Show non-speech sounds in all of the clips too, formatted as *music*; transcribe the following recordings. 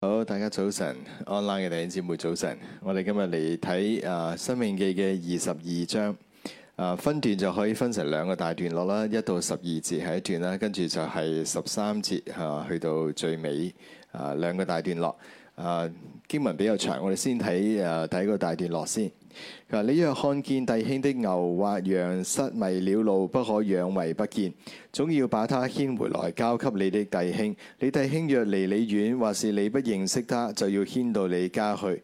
好，Hello, 大家早晨，online 嘅弟兄姊妹早晨。我哋今日嚟睇啊《申命記》嘅二十二章，分段就可以分成兩個大段落啦。一到十二節係一段啦，跟住就係十三節吓去到最尾啊，兩個大段落啊。經文比較長，我哋先睇啊第一個大段落先。嗱，你若看見弟兄的牛或羊失迷了路，不可養為不見，總要把它牽回來交給你的弟兄。你弟兄若離你遠，或是你不認識他，就要牽到你家去，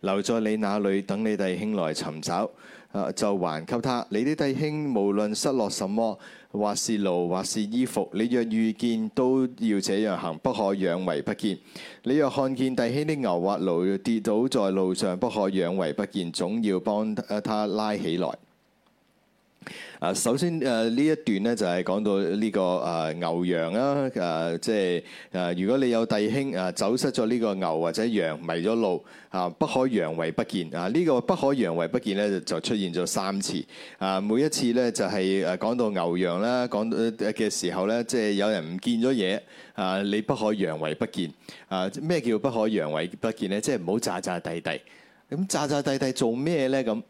留在你那裏等你弟兄來尋找，就還給他。你的弟兄無論失落什麼。或是驢，或是衣服，你若遇見都要這樣行，不可佯為不見；你若看見弟兄的牛或驢跌倒在路上，不可佯為不見，總要幫他拉起來。啊，首先誒呢一段咧，就係講到呢個誒牛羊啦，誒即係誒如果你有弟兄誒走失咗呢個牛或者羊迷咗路啊，不可佯為不見啊，呢個不可佯為不見咧就出現咗三次啊，每一次咧就係誒講到牛羊啦，講嘅時候咧，即係有人唔見咗嘢啊，你不可佯為不見啊，咩叫不可佯為不見咧？即係唔好詐詐諦諦咁，詐詐諦諦做咩咧咁？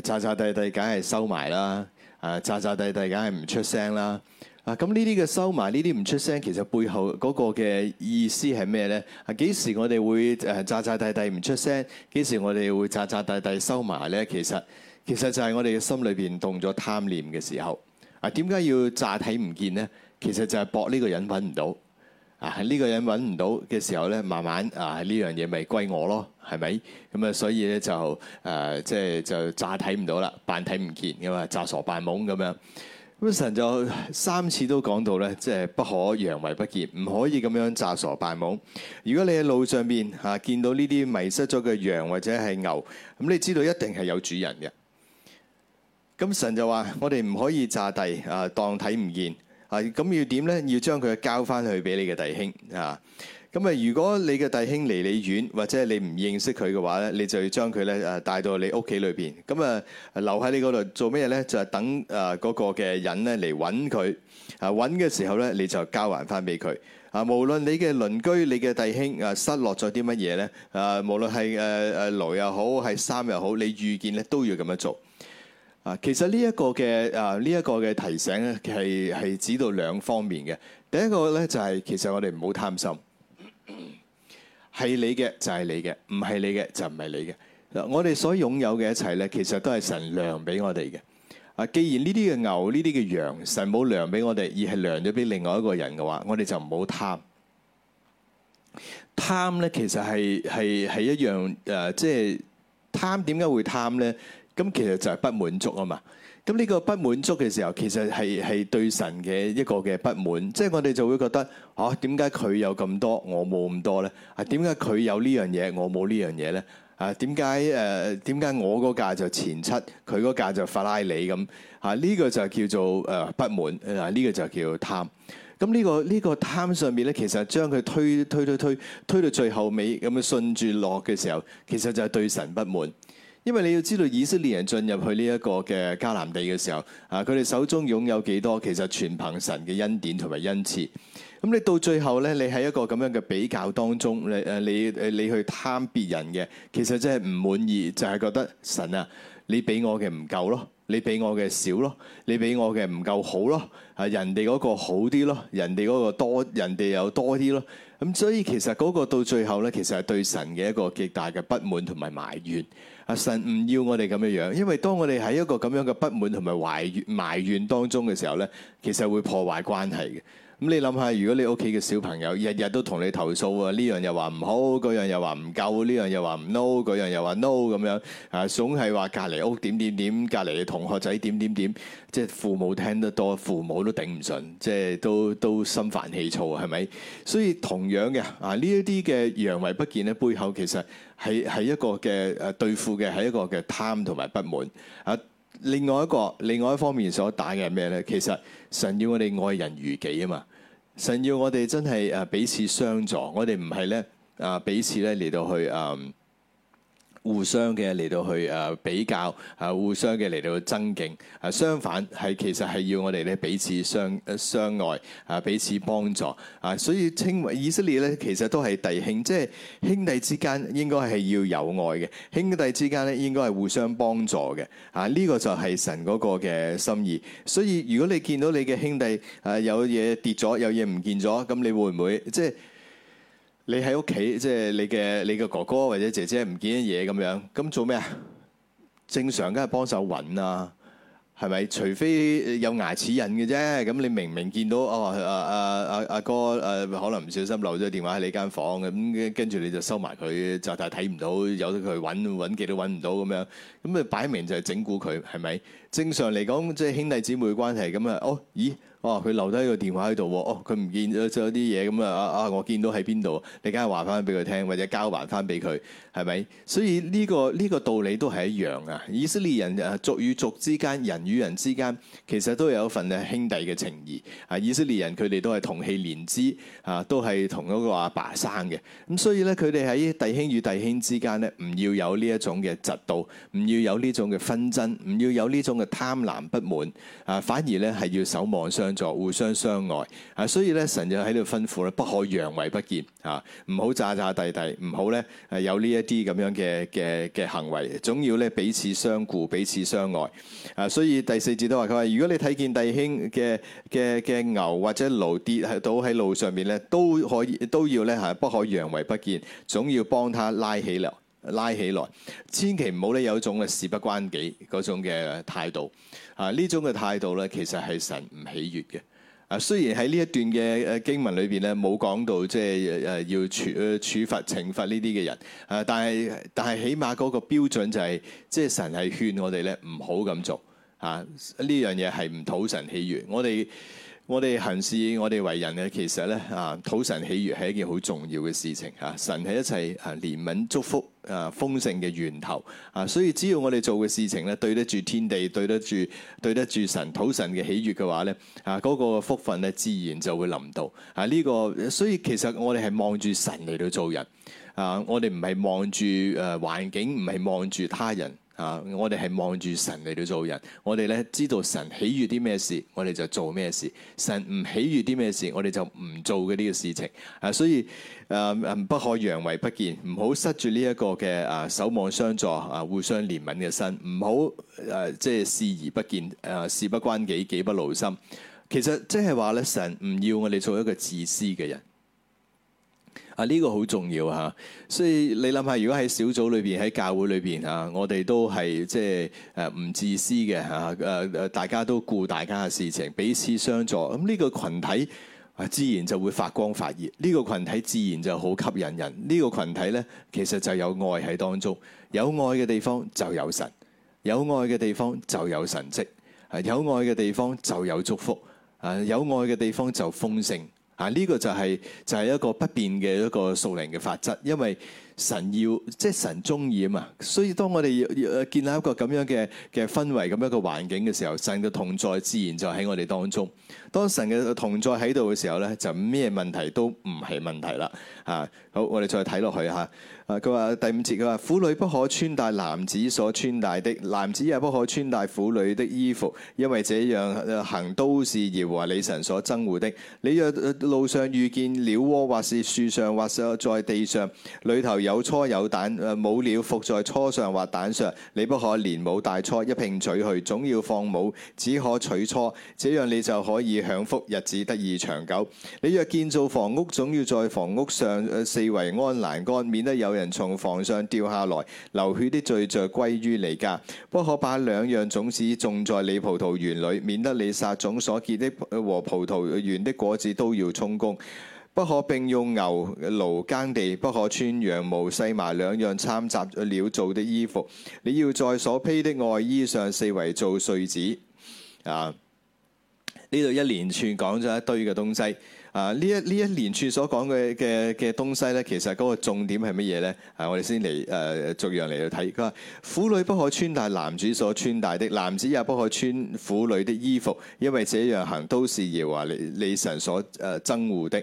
炸炸地地梗係收埋啦，啊炸詐地地梗係唔出聲啦，啊咁呢啲嘅收埋呢啲唔出聲，其實背後嗰個嘅意思係咩咧？啊幾時我哋會誒炸詐地地唔出聲？幾時我哋會炸炸地地收埋咧？其實其實就係我哋嘅心裏邊動咗貪念嘅時候。啊點解要炸睇唔見咧？其實就係搏呢個人揾唔到。啊！呢、這個人揾唔到嘅時候咧，慢慢啊，呢樣嘢咪歸我咯，係咪？咁啊，所以咧就誒，即、啊、係就詐睇唔到啦，扮睇唔見咁嘛，詐、啊、傻扮懵咁樣。咁、啊、神就三次都講到咧，即、就、係、是、不可佯為不見，唔可以咁樣詐傻扮懵。如果你喺路上邊嚇、啊、見到呢啲迷失咗嘅羊或者係牛，咁、啊、你知道一定係有主人嘅。咁、啊、神就話：我哋唔可以詐諦啊，當睇唔見。咁要點咧？要將佢交翻去俾你嘅弟兄啊！咁啊，如果你嘅弟兄離你遠，或者你唔認識佢嘅話咧，你就要將佢咧誒帶到你屋企裏邊。咁啊，留喺你嗰度做咩咧？就係等誒嗰個嘅人咧嚟揾佢啊！揾嘅時候咧，你就交還翻俾佢啊！無論你嘅鄰居、你嘅弟兄啊，失落咗啲乜嘢咧啊！無論係誒誒驢又好，係衫又好，你遇見咧都要咁樣做。啊，其實呢一個嘅啊，呢一個嘅提醒咧，係係指到兩方面嘅。第一個咧就係其實我哋唔好貪心，係你嘅就係你嘅，唔係你嘅就唔係你嘅。嗱，我哋所擁有嘅一切咧，其實都係神量俾我哋嘅。啊，既然呢啲嘅牛、呢啲嘅羊，神冇量俾我哋，而係量咗俾另外一個人嘅話，我哋就唔好貪，貪，貪，呃，就係，貪。貪咧其實係係係一樣誒，即係貪點解會貪咧？咁其實就係不滿足啊嘛！咁呢個不滿足嘅時候，其實係係對神嘅一個嘅不滿，即係我哋就會覺得，啊點解佢有咁多，我冇咁多呢？啊點解佢有呢樣嘢，我冇呢樣嘢呢？啊點解誒點解我嗰架就前七，佢嗰架就法拉利咁？啊呢個就叫做誒不滿，啊呢個就叫貪。咁呢個呢個貪上面呢，其實將佢推推推推推到最後尾，咁樣順住落嘅時候，其實就係對神不滿。因為你要知道，以色列人進入去呢一個嘅迦南地嘅時候，啊，佢哋手中擁有幾多？其實全憑神嘅恩典同埋恩賜。咁你到最後咧，你喺一個咁樣嘅比較當中，你誒，你誒，你去貪別人嘅，其實真係唔滿意，就係覺得神啊，你俾我嘅唔夠咯，你俾我嘅少咯，你俾我嘅唔夠好咯，啊，人哋嗰個好啲咯，人哋嗰個多，人哋又多啲咯。咁所以其實嗰個到最後咧，其實係對神嘅一個極大嘅不滿同埋埋怨。阿神唔要我哋咁嘅樣，因為當我哋喺一個咁樣嘅不滿同埋埋怨埋怨當中嘅時候呢，其實會破壞關係嘅。咁你諗下，如果你屋企嘅小朋友日日都同你投訴啊，呢樣又話唔好，嗰樣又話唔夠，呢樣又話唔 no，嗰樣又話 no 咁樣，啊總係話隔離屋點點點，隔離嘅同學仔點點點，即係父母聽得多，父母都頂唔順，即係都都心煩氣躁，係咪？所以同樣嘅啊，呢一啲嘅揚眉不見呢，背後其實。係係一個嘅誒對付嘅係一個嘅貪同埋不滿啊。另外一個另外一方面所打嘅係咩咧？其實神要我哋愛人如己啊嘛。神要我哋真係誒彼此相助，我哋唔係咧誒彼此咧嚟到去誒。嗯互相嘅嚟到去誒比較，誒互相嘅嚟到增勁。誒相反係其實係要我哋咧彼此相彼此相愛，誒彼此幫助。誒所以稱為以色列咧，其實都係弟兄，即係兄弟之間應該係要有愛嘅，兄弟之間咧應該係互相幫助嘅。啊呢個就係神嗰個嘅心意。所以如果你見到你嘅兄弟誒有嘢跌咗，有嘢唔見咗，咁你會唔會即係？你喺屋企，即係你嘅你嘅哥哥或者姐姐唔見嘅嘢咁樣，咁做咩啊？正常梗係幫手揾啊，係咪？除非有牙齒印嘅啫，咁你明明見到哦，阿阿阿阿哥，誒、啊、可能唔小心漏咗電話喺你間房，咁跟住你就收埋佢，就但睇唔到，有得佢揾揾極都揾唔到咁樣，咁咪擺明就係整蠱佢，係咪？正常嚟講，即係兄弟姊妹關係，咁啊，哦，咦？哦，佢留低個電話喺度喎。哦，佢唔見咗啲嘢咁啊啊！我見到喺邊度，你梗係話翻俾佢聽，或者交還翻俾佢，係咪？所以呢個呢個道理都係一樣啊！以色列人啊，族與族之間，人與人之間，其實都有一份兄弟嘅情義啊！以色列人佢哋都係同氣連枝啊，都係同嗰個阿爸生嘅。咁所以咧，佢哋喺弟兄與弟兄之間咧，唔要有呢一種嘅嫉妒，唔要有呢種嘅紛爭，唔要有呢種嘅貪婪不滿啊！反而咧係要守望相作互相相愛，啊，所以咧神就喺度吩咐咧，不可佯為不見，啊，唔好詐詐諦諦，唔好咧，有呢一啲咁樣嘅嘅嘅行為，總要咧彼此相顧，彼此相愛，啊，所以第四節都話佢話，如果你睇見弟兄嘅嘅嘅牛或者驢跌喺都喺路上面，咧，都可以都要咧吓，不可佯為不見，總要幫他拉起嚟拉起來，千祈唔好咧有一種嘅事不關己嗰種嘅態度。啊！呢種嘅態度咧，其實係神唔喜悅嘅。啊，雖然喺呢一段嘅誒經文裏邊咧，冇講到即係誒要處誒處罰、懲罰呢啲嘅人。啊，但係但係起碼嗰個標準就係，即係神係勸我哋咧，唔好咁做。啊，呢樣嘢係唔討神喜悅。我哋。我哋行事，我哋為人咧，其實咧啊，討神喜悦係一件好重要嘅事情啊！神係一切啊憐憫、祝福啊豐盛嘅源頭啊！所以只要我哋做嘅事情咧，對得住天地，對得住對得住神，討神嘅喜悦嘅話咧，啊嗰個福分咧，自然就會臨到啊！呢個所以其實我哋係望住神嚟到做人啊！我哋唔係望住誒環境，唔係望住他人。啊！我哋係望住神嚟到做人，我哋咧知道神喜悅啲咩事，我哋就做咩事。神唔喜悅啲咩事，我哋就唔做嘅呢個事情。啊，所以誒、啊，不可佯為不見，唔好失住呢一個嘅啊，守望相助啊，互相憐憫嘅身；唔好誒，即係視而不見誒、啊，事不關己，己不勞心。其實即係話咧，神唔要我哋做一個自私嘅人。啊！呢個好重要嚇，所以你諗下，如果喺小組裏邊、喺教會裏邊嚇，我哋都係即係誒唔自私嘅嚇，誒誒，大家都顧大家嘅事情，彼此相助。咁、這、呢個羣體自然就會發光發熱，呢、這個群體自然就好吸引人。呢、這個群體咧，其實就有愛喺當中，有愛嘅地方就有神，有愛嘅地方就有神蹟，係有愛嘅地方就有祝福，啊，有愛嘅地方就豐盛。啊！呢、這個就係、是、就係、是、一個不變嘅一個屬靈嘅法則，因為神要即係神中意啊嘛，所以當我哋要，要建立一個咁樣嘅嘅氛圍，咁樣一個環境嘅時候，神嘅同在自然就喺我哋當中。當神嘅同在喺度嘅時候呢，就咩問題都唔係問題啦。啊，好，我哋再睇落去吓。啊，佢話第五節佢話：婦女不可穿戴男子所穿戴的，男子也不可穿戴婦女的衣服，因為這樣行都是耶和華你神所憎惡的。你若路上遇見鳥窩，或是樹上，或者在地上，裏頭有雛有蛋，誒母鳥伏在雛上或蛋上，你不可連母帶雛一並取去，總要放母，只可取雛，這樣你就可以。享福日子得以長久。你若建造房屋，總要在房屋上四圍安欄杆，免得有人從房上掉下來，流血的罪就歸於你家。不可把兩樣種子種在你葡萄園裏，免得你撒種所結的和葡萄園的果子都要充公。不可並用牛驢耕地，不可穿羊毛細麻兩樣摻雜料做的衣服。你要在所披的外衣上四圍做穗子啊。呢度一連串講咗一堆嘅東西，啊呢一呢一連串所講嘅嘅嘅東西呢，其實嗰個重點係乜嘢呢？啊，我哋先嚟誒逐樣嚟去睇。佢話婦女不可穿戴男子所穿戴的，男子也不可穿婦女的衣服，因為這樣行都是耶和華你你神所誒憎惡的。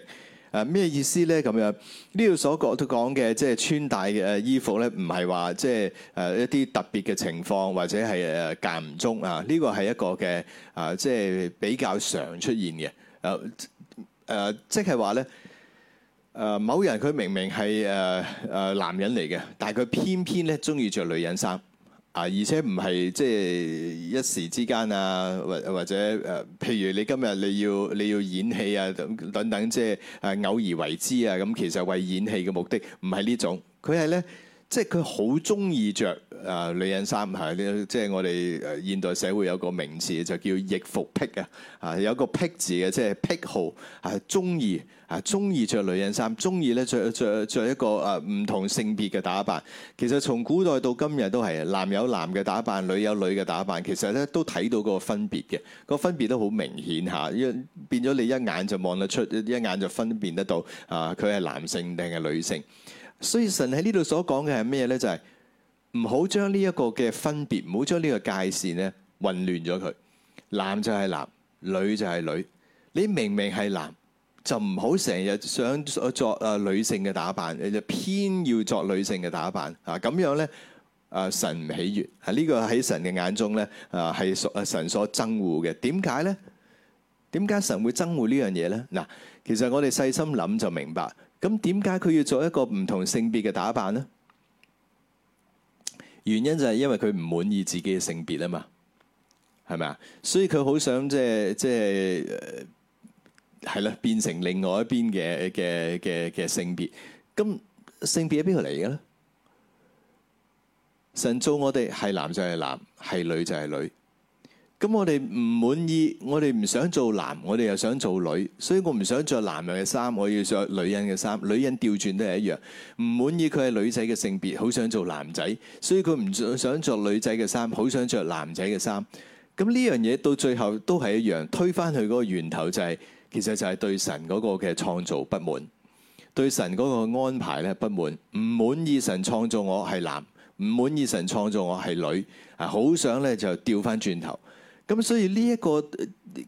誒咩、啊、意思咧？咁樣呢度所講都講嘅，即、就、係、是、穿戴嘅衣服咧，唔係話即係誒一啲特別嘅情況，或者係誒、呃、間唔中啊，呢個係一個嘅誒、呃呃，即係比較常出現嘅。誒、呃、誒，即係話咧，誒某人佢明明係誒誒男人嚟嘅，但係佢偏偏咧中意着女人衫。啊！而且唔係即係一時之間啊，或或者誒，譬如你今日你要你要演戲啊，等等即係誒偶而為之啊，咁其實為演戲嘅目的唔係呢種。佢係咧即係佢好中意着啊女人衫呢，即係我哋現代社會有個名詞就叫易服癖啊，啊有一個癖字嘅，即係癖好啊，中意。中意着女人衫，中意咧着着着一個誒唔同性別嘅打扮。其實從古代到今日都係，男有男嘅打扮，女有女嘅打扮。其實咧都睇到個分別嘅，個分別都好明顯吓，變咗你一眼就望得出，一眼就分辨得到啊！佢係男性定係女性。所以神喺呢度所講嘅係咩呢？就係唔好將呢一個嘅分別，唔好將呢個界線呢混亂咗佢。男就係男，女就係女。你明明係男。就唔好成日想作啊女性嘅打扮，就偏要作女性嘅打扮啊！咁樣咧，啊神唔喜悅，係、啊、呢、這個喺神嘅眼中咧，啊係所神所憎惡嘅。點解咧？點解神會憎惡呢樣嘢咧？嗱、啊，其實我哋細心諗就明白，咁點解佢要做一個唔同性別嘅打扮咧？原因就係因為佢唔滿意自己嘅性別啊嘛，係咪啊？所以佢好想即係即係。呃係啦，變成另外一邊嘅嘅嘅嘅性別。咁性別喺邊度嚟嘅咧？神做我哋係男就係男，係女就係女。咁我哋唔滿意，我哋唔想做男，我哋又想做女，所以我唔想着男人嘅衫，我要着女人嘅衫。女人調轉都係一樣，唔滿意佢係女仔嘅性別，好想做男仔，所以佢唔想着女仔嘅衫，好想着男仔嘅衫。咁呢樣嘢到最後都係一樣，推返去嗰個源頭就係、是。其實就係對神嗰個嘅創造不滿，對神嗰個安排咧不滿，唔滿意神創造我係男，唔滿意神創造我係女，啊好想咧就掉翻轉頭，咁所以呢、這、一個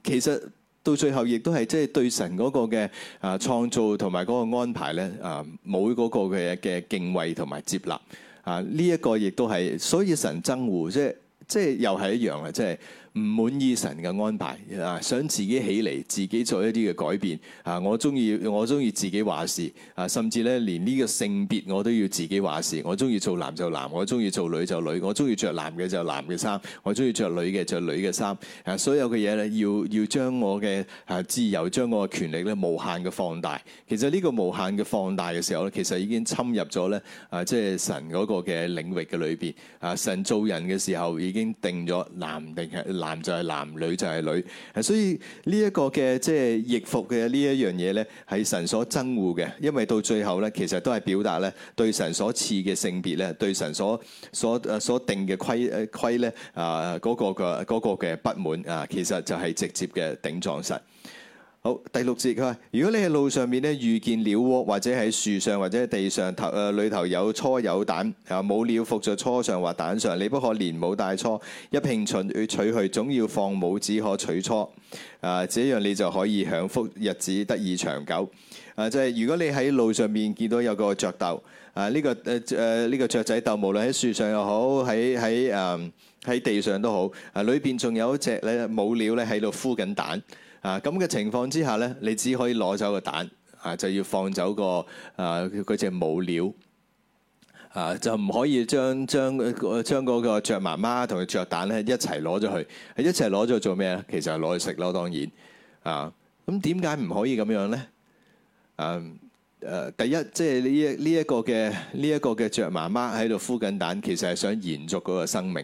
其實到最後亦都係即係對神嗰個嘅啊創造同埋嗰個安排咧啊冇嗰個嘅嘅敬畏同埋接納啊呢一個亦都係，所以神憎惡，即係即係又係一樣啊即係。就是唔滿意神嘅安排啊，想自己起嚟，自己做一啲嘅改變啊！我中意我中意自己話事啊，甚至咧連呢個性別我都要自己話事。我中意做男就男，我中意做女就女，我中意着男嘅就男嘅衫，我中意着女嘅就女嘅衫啊！所有嘅嘢咧，要要將我嘅啊自由，將我嘅權力咧無限嘅放大。其實呢個無限嘅放大嘅時候咧，其實已經侵入咗咧啊！即係神嗰個嘅領域嘅裏邊啊，神做人嘅時候已經定咗男定係男。男就係男，女就係女，所以呢、這、一個嘅即係逆服嘅呢一樣嘢呢係神所憎惡嘅，因為到最後呢，其實都係表達呢對神所賜嘅性別呢對神所所所定嘅規規咧啊嗰個嘅嗰、那個嘅、那個、不滿啊，其實就係直接嘅頂撞神。好，第六節佢話：如果你喺路上面咧，遇見鳥窩，或者喺樹上或者喺地上頭誒裏頭有雛、有蛋，啊母鳥伏在雛上或蛋上，你不可連母帶雛一並盡去取去，總要放母，只可取雛。啊，這樣你就可以享福，日子得以長久。啊，即係如果你喺路上面見到有個雀竇，啊呢個誒誒呢個雀仔竇，無論喺樹上又好，喺喺誒喺地上都好，啊裏邊仲有一隻咧母鳥咧喺度孵緊蛋。啊咁嘅情況之下咧，你只可以攞走個蛋，啊就要放走個啊佢隻母鳥，啊就唔可以將將將嗰個雀媽媽同佢雀蛋咧一齊攞咗去，一齊攞咗做咩咧？其實係攞去食咯，當然，啊咁點解唔可以咁樣咧？嗯、啊、誒、啊，第一即係呢一呢一個嘅呢一個嘅雀媽媽喺度孵緊蛋，其實係想延續嗰個生命。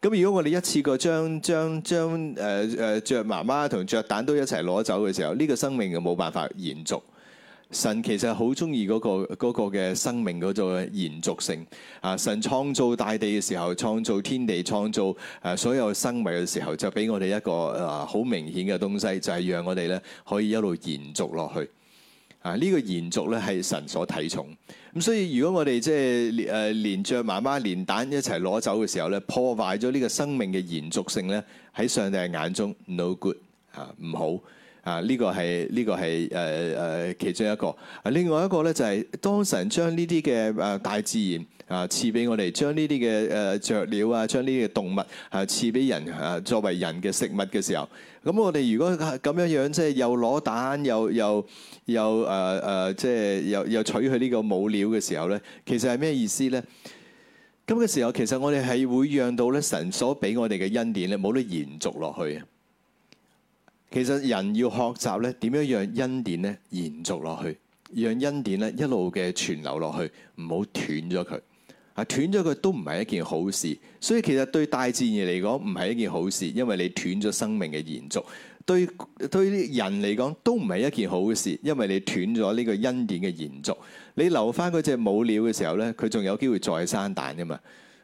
咁如果我哋一次過將將將誒誒雀媽媽同雀蛋都一齊攞走嘅時候，呢、這個生命就冇辦法延續。神其實好中意嗰個嘅、那個、生命嗰種、那個、延續性。啊，神創造大地嘅時候，創造天地，創造誒所有生物嘅時候，就俾我哋一個誒好明顯嘅東西，就係、是、讓我哋咧可以一路延續落去。啊，呢、這個延續咧係神所睇重。咁所以如果我哋即係誒連著媽媽連蛋一齊攞走嘅時候咧，破壞咗呢個生命嘅延續性咧，喺上帝眼中 no good 啊，唔好啊，呢個係呢個係誒誒其中一個啊，另外一個咧就係當神將呢啲嘅誒大自然。啊，賜俾我哋將呢啲嘅誒雀鳥啊，將呢啲嘅動物啊賜俾人啊，作為人嘅食物嘅時候，咁我哋如果咁樣樣，即係又攞蛋又又又誒誒、呃，即係又又取去呢個母鳥嘅時候咧，其實係咩意思咧？咁嘅時候，其實我哋係會讓到咧神所俾我哋嘅恩典咧，冇得延續落去。其實人要學習咧，點樣讓恩典咧延續落去，讓恩典咧一路嘅存留落去，唔好斷咗佢。斷咗佢都唔係一件好事，所以其實對大自然嚟講唔係一件好事，因為你斷咗生命嘅延續；對對人嚟講都唔係一件好事，因為你斷咗呢個恩典嘅延續。你留翻嗰隻母鳥嘅時候呢，佢仲有機會再生蛋噶嘛？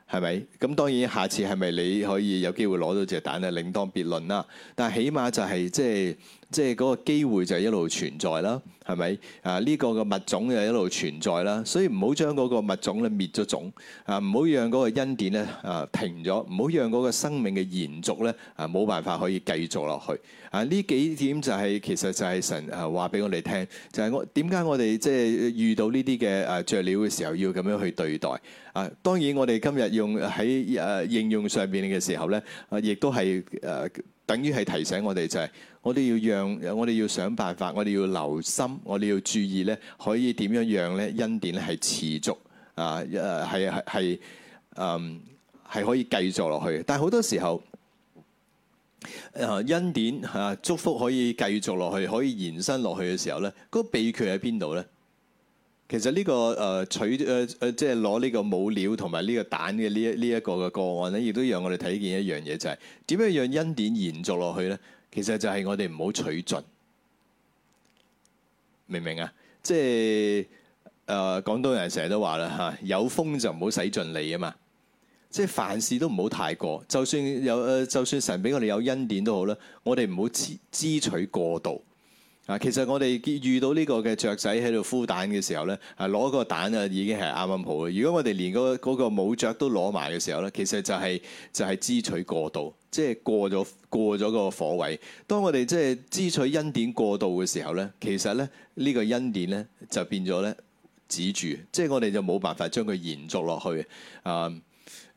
係咪？咁當然，下次係咪你可以有機會攞到隻蛋咧？另當別論啦。但係起碼就係、是、即係。即係嗰個機會就一路存在啦，係咪？啊，呢、這個個物種就一路存在啦，所以唔好將嗰個物種咧滅咗種，啊，唔好讓嗰個恩典咧啊停咗，唔好讓嗰個生命嘅延續咧啊冇辦法可以繼續落去。啊，呢幾點就係、是、其實就係神啊話俾我哋聽，就係、是、我點解我哋即係遇到呢啲嘅誒雀鳥嘅時候要咁樣去對待啊？當然我哋今日用喺誒、啊、應用上邊嘅時候咧，啊，亦都係誒。啊等於係提醒我哋就係、是，我哋要讓，我哋要想辦法，我哋要留心，我哋要注意咧，可以點樣讓咧恩典咧係持續啊，係係係，嗯，係可以繼續落去。但係好多時候，誒恩典嚇祝福可以繼續落去，可以延伸落去嘅時候咧，個秘訣喺邊度咧？其實呢、這個誒、呃、取誒誒、呃、即係攞呢個母鳥同埋呢個蛋嘅呢一呢一個嘅個案咧，亦都讓我哋睇見一樣嘢就係、是、點樣讓恩典延續落去咧？其實就係我哋唔好取盡，明唔明啊？即係誒、呃、廣東人成日都話啦嚇，有風就唔好使盡你啊嘛！即係凡事都唔好太過，就算有誒、呃，就算神俾我哋有恩典都好啦，我哋唔好支支取過度。啊，其實我哋遇到呢個嘅雀仔喺度孵蛋嘅時候咧，啊，攞個蛋啊已經係啱啱好嘅。如果我哋連個嗰個母雀都攞埋嘅時候咧，其實就係就係支取過度，即係過咗過咗個火位。當我哋即係支取恩典過度嘅時候咧，其實咧呢個恩典咧就變咗咧止住，即係我哋就冇辦法將佢延續落去啊。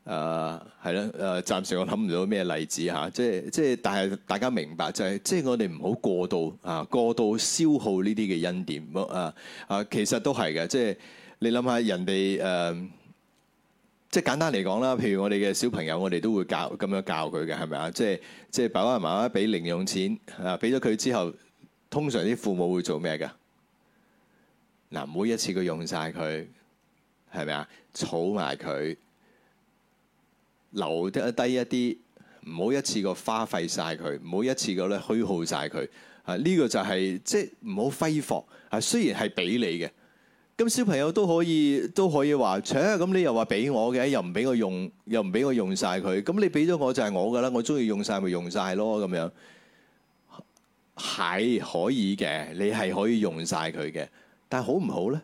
誒係啦，誒、uh, 暫時我諗唔到咩例子吓、啊，即係即係，但係大家明白就係、是，即係我哋唔好過度啊，過度消耗呢啲嘅恩典啊啊，其實都係嘅，即係你諗下人哋誒、啊，即係簡單嚟講啦，譬如我哋嘅小朋友，我哋都會教咁樣教佢嘅，係咪啊？即係即係爸爸媽媽俾零用錢啊，俾咗佢之後，通常啲父母會做咩㗎嗱？每一次佢用晒佢，係咪啊？儲埋佢。留得低一啲，唔好一次過花費晒佢，唔好一次過咧虛耗晒佢。啊，呢、這個就係、是、即係唔好揮霍。啊，雖然係俾你嘅，咁小朋友都可以都可以話，請、啊。咁你又話俾我嘅，又唔俾我用，又唔俾我用晒佢。咁你俾咗我就係我噶啦，我中意用晒咪用晒咯，咁樣係可以嘅，你係可以用晒佢嘅，但係好唔好咧？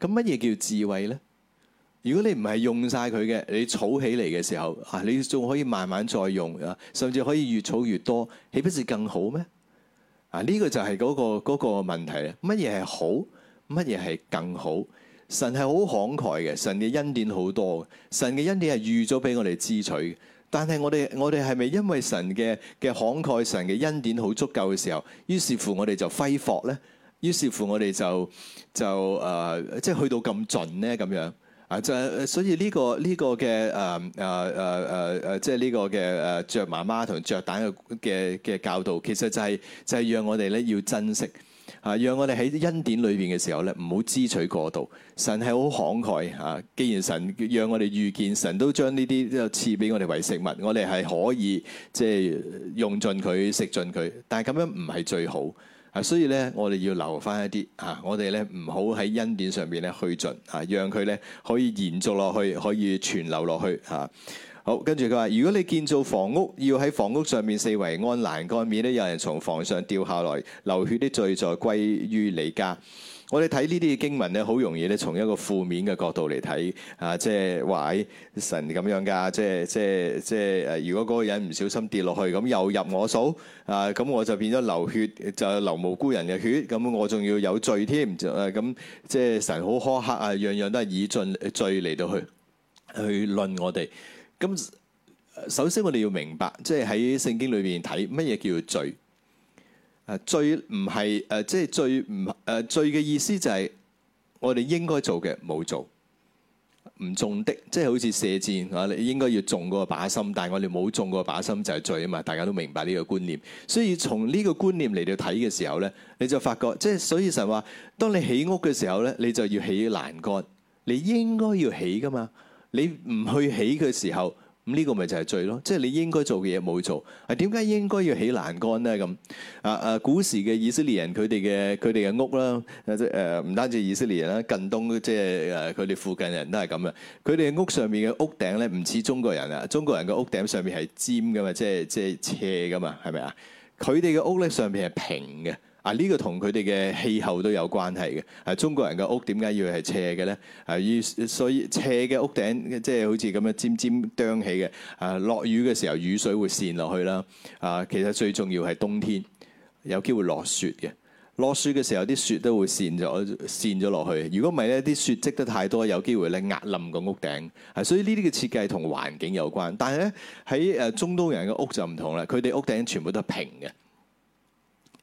咁乜嘢叫智慧咧？如果你唔係用晒佢嘅，你儲起嚟嘅時候，啊，你仲可以慢慢再用，甚至可以越儲越多，豈不是更好咩？啊，呢個就係嗰個嗰個問題咧。乜嘢係好，乜嘢係更好？神係好慷慨嘅，神嘅恩典好多，神嘅恩典係預咗俾我哋支取。但係我哋我哋係咪因為神嘅嘅慷慨，神嘅恩典好足夠嘅時候，於是乎我哋就揮霍呢？於是乎我哋就就誒，即係去到咁盡呢？咁樣？啊，就係所以呢個呢個嘅誒誒誒誒誒，即係呢個嘅誒雀媽媽同雀蛋嘅嘅嘅教導，其實就係就係讓我哋咧要珍惜啊，讓我哋喺恩典裏邊嘅時候咧，唔好支取過度。神係好慷慨嚇，既然神讓我哋遇見神，都將呢啲都賜俾我哋為食物，我哋係可以即係用盡佢食盡佢，但係咁樣唔係最好。所以咧，我哋要留翻一啲啊！我哋咧唔好喺恩典上面咧去盡啊，讓佢咧可以延續落去，可以存留落去啊！好，跟住佢話：如果你建造房屋，要喺房屋上面四圍安欄杆面咧，有人從房上掉下來，流血的罪在歸於你家。我哋睇呢啲經文咧，好容易咧，從一個負面嘅角度嚟睇，啊，即係話神咁樣噶，即係即係即係，如果嗰個人唔小心跌落去，咁又入我數，啊，咁我就變咗流血，就流無辜人嘅血，咁我仲要有罪添，咁、啊、即係神好苛刻啊，樣樣都係以盡罪嚟到去去論我哋。咁首先我哋要明白，即係喺聖經裏面睇乜嘢叫做罪。誒罪唔係誒，即係罪唔誒罪嘅意思就係我哋應該做嘅冇做，唔中的即係好似射箭啊，你應該要中嗰個靶心，但係我哋冇中嗰個靶心就係罪啊嘛！大家都明白呢個觀念。所以從呢個觀念嚟到睇嘅時候咧，你就發覺即係所以就係話，當你起屋嘅時候咧，你就要起欄杆，你應該要起噶嘛，你唔去起嘅時候。咁呢個咪就係罪咯，即係你應該做嘅嘢冇做。啊，點解應該要起欄杆咧？咁啊啊，古時嘅以色列人佢哋嘅佢哋嘅屋啦，即誒唔單止以色列人啦，近東即係誒佢哋附近人都係咁嘅。佢哋屋上面嘅屋頂咧，唔似中國人啊，中國人嘅屋頂上面係尖噶嘛，即係即係斜噶嘛，係咪啊？佢哋嘅屋咧上面係平嘅。啊！呢個同佢哋嘅氣候都有關係嘅。啊，中國人嘅屋點解要係斜嘅咧？啊，要所以斜嘅屋頂即係好似咁樣尖尖釘起嘅。啊，落雨嘅時候雨水會滲落去啦。啊，其實最重要係冬天有機會落雪嘅。落雪嘅時候啲雪都會滲咗滲咗落去。如果唔係咧，啲雪積得太多，有機會咧壓冧個屋頂。啊，所以呢啲嘅設計同環境有關。但係咧喺誒中東人嘅屋就唔同啦，佢哋屋頂全部都係平嘅。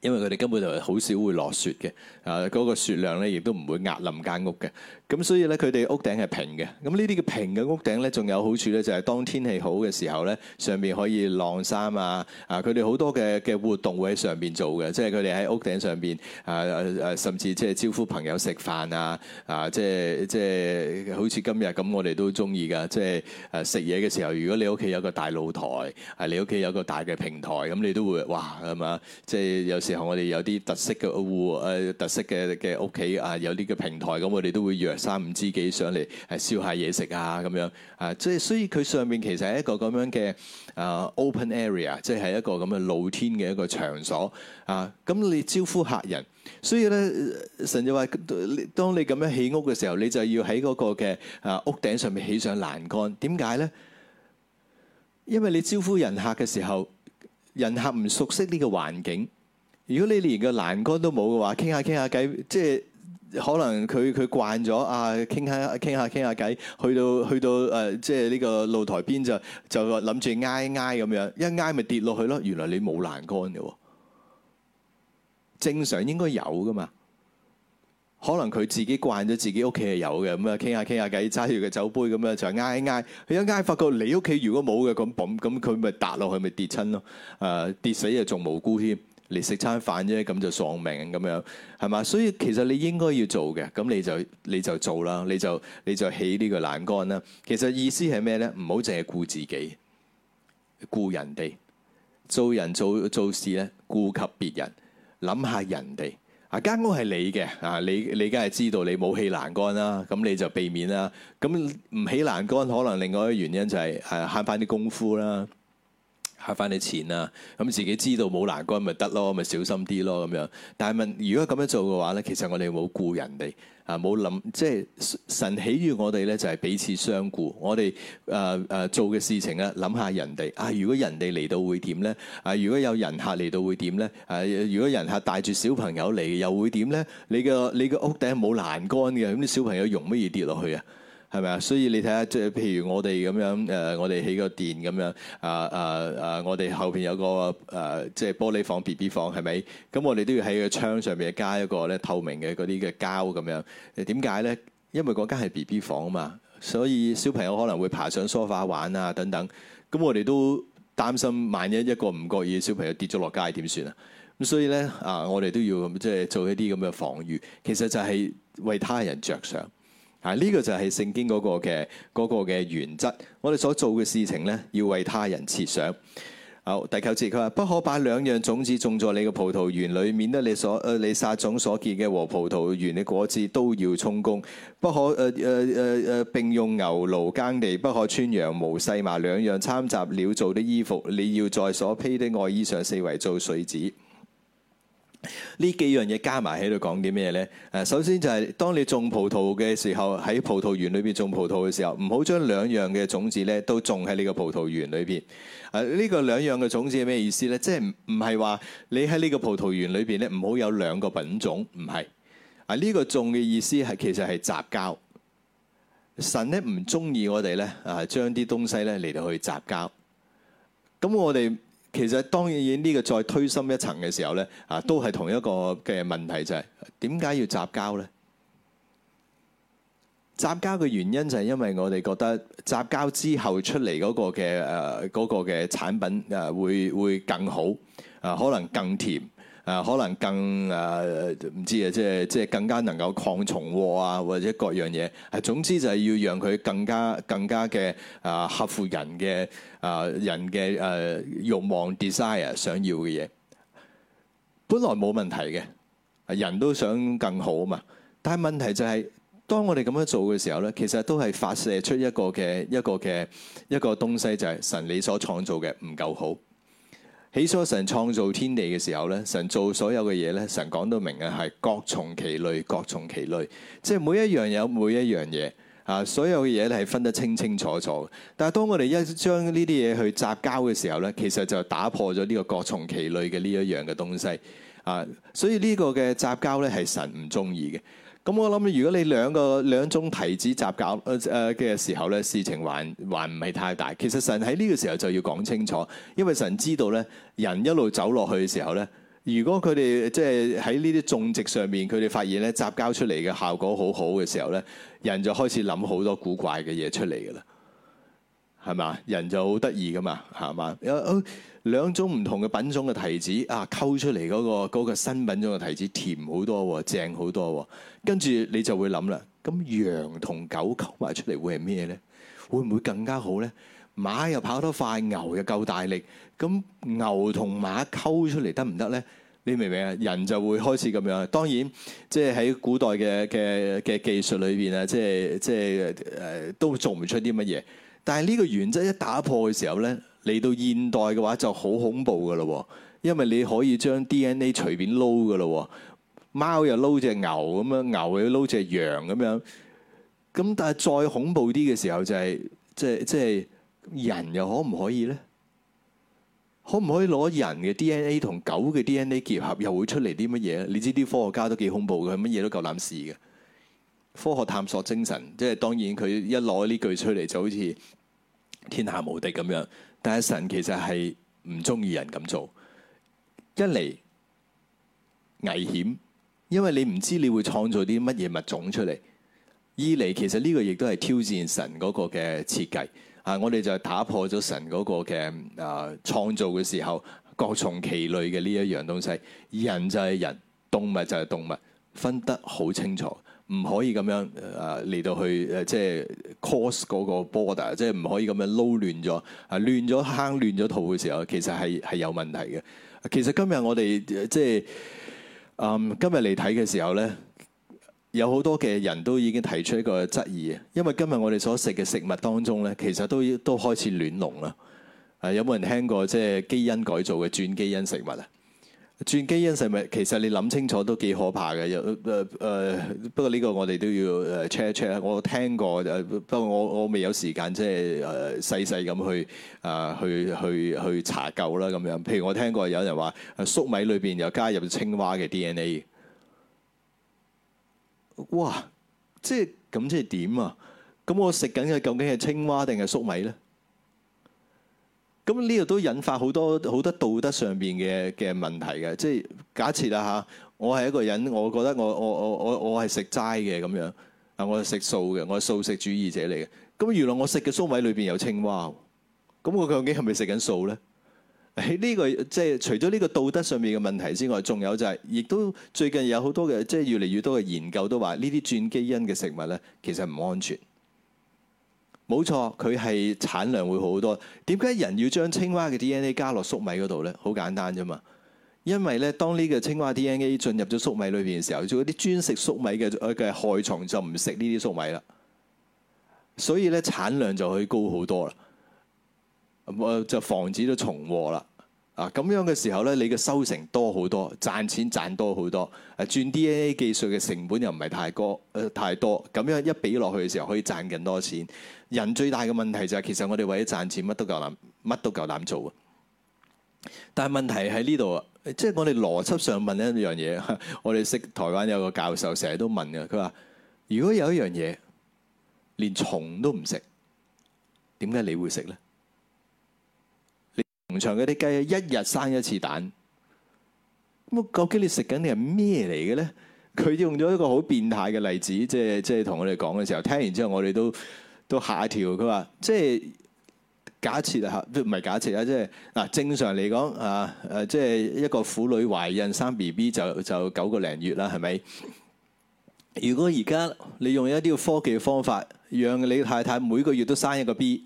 因為佢哋根本就好少會落雪嘅，啊、嗰個雪量咧亦都唔會壓冧間屋嘅，咁所以咧佢哋屋頂係平嘅。咁呢啲嘅平嘅屋頂咧，仲有好處咧，就係當天氣好嘅時候咧，上面可以晾衫啊，啊佢哋好多嘅嘅活動會喺上面做嘅，即係佢哋喺屋頂上邊啊啊甚至即係招呼朋友食飯啊啊即係即係好似今日咁，我哋都中意噶，即係誒食嘢嘅時候，如果你屋企有個大露台，係你屋企有個大嘅平台，咁你都會哇咁嘛，即係、即係、有時。我哋有啲特色嘅戶誒，特色嘅嘅屋企啊，有啲嘅平台咁，我哋都會約三五知己上嚟誒，燒下嘢食啊，咁樣啊，即係所以佢上面其實係一個咁樣嘅啊 open area，即係一個咁嘅露天嘅一個場所啊。咁你招呼客人，所以咧，神就話，當你咁樣起屋嘅時候，你就要喺嗰個嘅啊屋頂上面起上欄杆。點解咧？因為你招呼人客嘅時候，人客唔熟悉呢個環境。如果你連個欄杆都冇嘅話，傾下傾下偈，即係可能佢佢慣咗啊，傾下傾下傾下偈，去到去到誒、呃，即係呢個露台邊就就話諗住挨挨咁樣，一挨咪跌落去咯。原來你冇欄杆嘅喎，正常應該有㗎嘛。可能佢自己慣咗，自己屋企係有嘅，咁啊傾下傾下偈，揸住個酒杯咁樣就挨挨。佢一挨，挨，一挨發覺你屋企如果冇嘅，咁咁佢咪揼落去咪跌親咯。誒跌死又仲無辜添。嚟食餐飯啫，咁就喪命咁樣，係嘛？所以其實你應該要做嘅，咁你就你就做啦，你就你就起呢個欄杆啦。其實意思係咩咧？唔好淨係顧自己，顧人哋。做人做做事咧，顧及別人，諗下人哋。啊，間屋係你嘅啊，你你梗係知道你冇起欄杆啦，咁你就避免啦。咁唔起欄杆，可能另外一個原因就係誒慳翻啲功夫啦。慳翻啲錢啊！咁自己知道冇欄杆咪得咯，咪小心啲咯咁樣。但係問，如果咁樣做嘅話咧，其實我哋冇顧人哋啊，冇諗，即係神喜悅我哋咧就係彼此相顧。我哋誒誒做嘅事情啊，諗下人哋啊，如果人哋嚟到會點咧？啊，如果有人客嚟到會點咧？啊，如果人客帶住小朋友嚟，又會點咧？你個你個屋頂冇欄杆嘅，咁啲小朋友容乜嘢跌落去啊？係咪啊？所以你睇下，即係譬如我哋咁樣誒、呃，我哋起個電咁樣啊啊啊！我哋後邊有個誒、呃，即係玻璃房 B B 房係咪？咁我哋都要喺個窗上面加一個咧透明嘅嗰啲嘅膠咁樣。點解咧？因為嗰間係 B B 房啊嘛，所以小朋友可能會爬上梳化玩啊等等。咁我哋都擔心，萬一一個唔覺意嘅小朋友跌咗落街點算啊？咁所以咧啊、呃，我哋都要即係做一啲咁嘅防禦。其實就係為他人着想。啊！呢個就係聖經嗰個嘅、嗰個嘅原則。我哋所做嘅事情呢，要為他人設想。好，第九節佢話，不可把兩樣種子種在你嘅葡萄園裏面，得你所你撒種所見嘅和葡萄園嘅果子都要充公。不可誒誒誒誒，並用牛驢耕地，不可穿羊毛細麻兩樣摻雜料做的衣服。你要在所披的外衣上四圍做水子。幾呢幾樣嘢，加埋喺度講啲咩呢？誒，首先就係當你種葡萄嘅時候，喺葡萄園裏邊種葡萄嘅時候，唔好將兩樣嘅種子咧，都種喺呢個葡萄園裏邊。誒，呢個兩樣嘅種子係咩意思呢？即係唔係話你喺呢個葡萄園裏邊咧，唔好有兩個品種，唔係。啊，呢個種嘅意思係其實係雜交。神呢唔中意我哋呢，啊，將啲東西呢嚟到去雜交。咁我哋。其實當然呢個再推深一層嘅時候呢，啊，都係同一個嘅問題，就係點解要雜交呢？雜交嘅原因就係因為我哋覺得雜交之後出嚟嗰個嘅誒嗰個嘅產品誒會，會更好，啊，可能更甜。啊，可能更啊，唔、呃、知啊，即係即係更加能夠抗重荷啊，或者各樣嘢。係總之就係要讓佢更加更加嘅啊、呃，合乎人嘅啊、呃、人嘅誒、呃、慾望 desire 想要嘅嘢。本來冇問題嘅，人都想更好啊嘛。但係問題就係、是、當我哋咁樣做嘅時候咧，其實都係發射出一個嘅一個嘅一個東西，就係神你所創造嘅唔夠好。起初神創造天地嘅時候咧，神做所有嘅嘢咧，神講到明嘅係各從其類，各從其類，即係每一樣有每一樣嘢啊，所有嘅嘢咧係分得清清楚楚。但係當我哋一將呢啲嘢去雜交嘅時候咧，其實就打破咗呢個各從其類嘅呢一樣嘅東西啊，所以呢個嘅雜交咧係神唔中意嘅。咁我諗，如果你兩個兩種提子雜交嘅時候咧，事情還還唔係太大。其實神喺呢個時候就要講清楚，因為神知道咧，人一路走落去嘅時候咧，如果佢哋即係喺呢啲種植上面，佢哋發現咧雜交出嚟嘅效果好好嘅時候咧，人就開始諗好多古怪嘅嘢出嚟㗎啦。係嘛？人就好得意噶嘛，係嘛？有兩種唔同嘅品種嘅提子，啊溝出嚟嗰個嗰個新品種嘅提子甜好多喎，正好多喎。跟住你就會諗啦，咁羊同狗溝埋出嚟會係咩咧？會唔會更加好咧？馬又跑得快，牛又夠大力，咁牛同馬溝出嚟得唔得咧？你明唔明啊？人就會開始咁樣。當然，即係喺古代嘅嘅嘅技術裏邊啊，即係即係誒、呃、都做唔出啲乜嘢。但係呢個原則一打破嘅時候呢，嚟到現代嘅話就好恐怖嘅咯，因為你可以將 DNA 隨便撈嘅咯，貓又撈隻牛咁樣，牛又撈隻羊咁樣。咁但係再恐怖啲嘅時候就係即係即係人又可唔可以呢？可唔可以攞人嘅 DNA 同狗嘅 DNA 結合又會出嚟啲乜嘢？你知啲科學家都幾恐怖嘅，乜嘢都夠膽試嘅。科學探索精神，即係當然佢一攞呢句出嚟就好似天下無敵咁樣。但係神其實係唔中意人咁做，一嚟危險，因為你唔知你會創造啲乜嘢物種出嚟；二嚟其實呢個亦都係挑戰神嗰個嘅設計啊。我哋就係打破咗神嗰個嘅啊創造嘅時候，各從其類嘅呢一樣東西，人就係人，動物就係動物，分得好清楚。唔可以咁樣啊嚟到去誒、啊，即係 cross 嗰個 border，即係唔可以咁樣撈亂咗，啊亂咗坑亂咗肚嘅時候，其實係係有問題嘅。其實今日我哋即係今日嚟睇嘅時候呢，有好多嘅人都已經提出一個質疑，因為今日我哋所食嘅食物當中呢，其實都都開始亂龍啦。有冇人聽過即係基因改造嘅轉基因食物啊？轉基因食物其實你諗清楚都幾可怕嘅，又誒誒，不過呢個我哋都要誒 check 一 check。我聽過，就、呃、不過我我未有時間即係誒細細咁去啊、呃、去去去查究啦咁樣。譬如我聽過有人話，粟、啊、米裏邊又加入青蛙嘅 DNA。哇！即係咁即係點啊？咁我食緊嘅究竟係青蛙定係粟米咧？咁呢度都引發好多好多道德上面嘅嘅問題嘅，即係假設啦嚇、啊，我係一個人，我覺得我我我我我係食齋嘅咁樣，啊我係食素嘅，我係素，素食主義者嚟嘅。咁原來我食嘅粟米裏邊有青蛙，咁我究竟係咪食緊素咧？喺、呢、呢個即係除咗呢個道德上面嘅問題之外，仲有就係、係，亦都最近有好多嘅即係越嚟越多嘅研究都話，呢啲轉基因嘅食物咧其實唔安全。冇錯，佢係產量會好多。點解人要將青蛙嘅 D N A 加落粟米嗰度呢？好簡單啫嘛。因為咧，當呢個青蛙 D N A 進入咗粟米裏邊嘅時候，就嗰啲專食粟米嘅嘅害蟲就唔食呢啲粟米啦。所以咧產量就可以高好多啦。就防止咗蟲禍啦。啊咁樣嘅時候咧，你嘅收成多好多，賺錢賺多好多。誒轉 D N A 技術嘅成本又唔係太高太多。咁、呃、樣一比落去嘅時候，可以賺更多錢。人最大嘅問題就係，其實我哋為咗賺錢，乜都夠膽，乜都夠膽做啊！但係問題喺呢度啊，即係我哋邏輯上問一樣嘢。我哋識台灣有個教授，成日都問嘅。佢話：如果有一樣嘢連蟲都唔食，點解你會食呢？你農場嗰啲雞一日生一次蛋，咁究竟你食緊你係咩嚟嘅咧？佢用咗一個好變態嘅例子，即係即係同我哋講嘅時候，聽完之後我哋都。到下一條，佢話即係假設嚇，唔係假設啊！即係嗱，正常嚟講啊，誒，即係一個婦女懷孕生 B B 就就九個零月啦，係咪？如果而家你用一啲科技嘅方法，讓你太太每個月都生一個 B，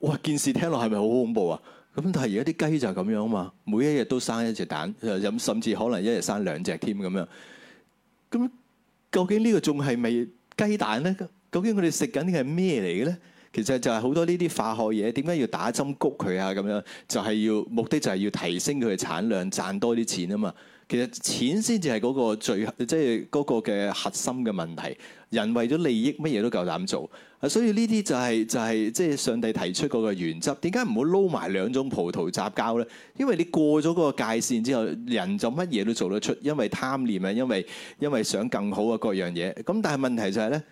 哇！件事聽落係咪好恐怖啊？咁但係而家啲雞就係咁樣啊嘛，每一日都生一隻蛋，甚至可能一日生兩隻添咁樣。咁究竟呢個仲係咪？雞蛋咧，究竟佢哋食緊啲係咩嚟嘅咧？其實就係好多呢啲化學嘢，點解要打針谷佢啊？咁樣就係要目的就係要提升佢嘅產量，賺多啲錢啊嘛！其實錢先至係嗰個最即係嗰個嘅核心嘅問題。人為咗利益，乜嘢都夠膽做啊！所以呢啲就係就係即係上帝提出嗰個原則。點解唔好撈埋兩種葡萄雜交咧？因為你過咗嗰個界線之後，人就乜嘢都做得出，因為貪念啊，因為因為想更好啊，各樣嘢。咁但係問題就係咧，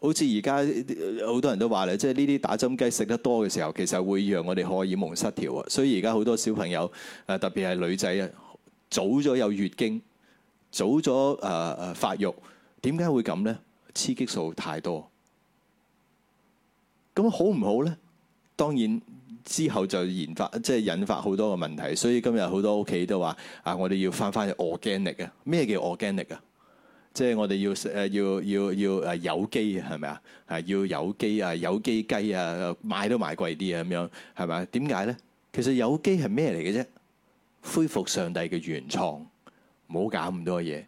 好似而家好多人都話咧，即係呢啲打針雞食得多嘅時候，其實會讓我哋荷爾蒙失調啊。所以而家好多小朋友誒，特別係女仔啊。早咗有月經，早咗誒誒發育，點解會咁咧？雌激素太多，咁好唔好咧？當然之後就研發，即係引發好多個問題。所以今日好多屋企都話：啊，我哋要翻翻去 organic 啊！咩叫 organic 啊？即係我哋要誒要要要誒有機係咪啊？係要有機啊，有機雞啊，買都買貴啲啊，咁樣係咪啊？點解咧？其實有機係咩嚟嘅啫？恢復上帝嘅原創，唔好搞咁多嘢，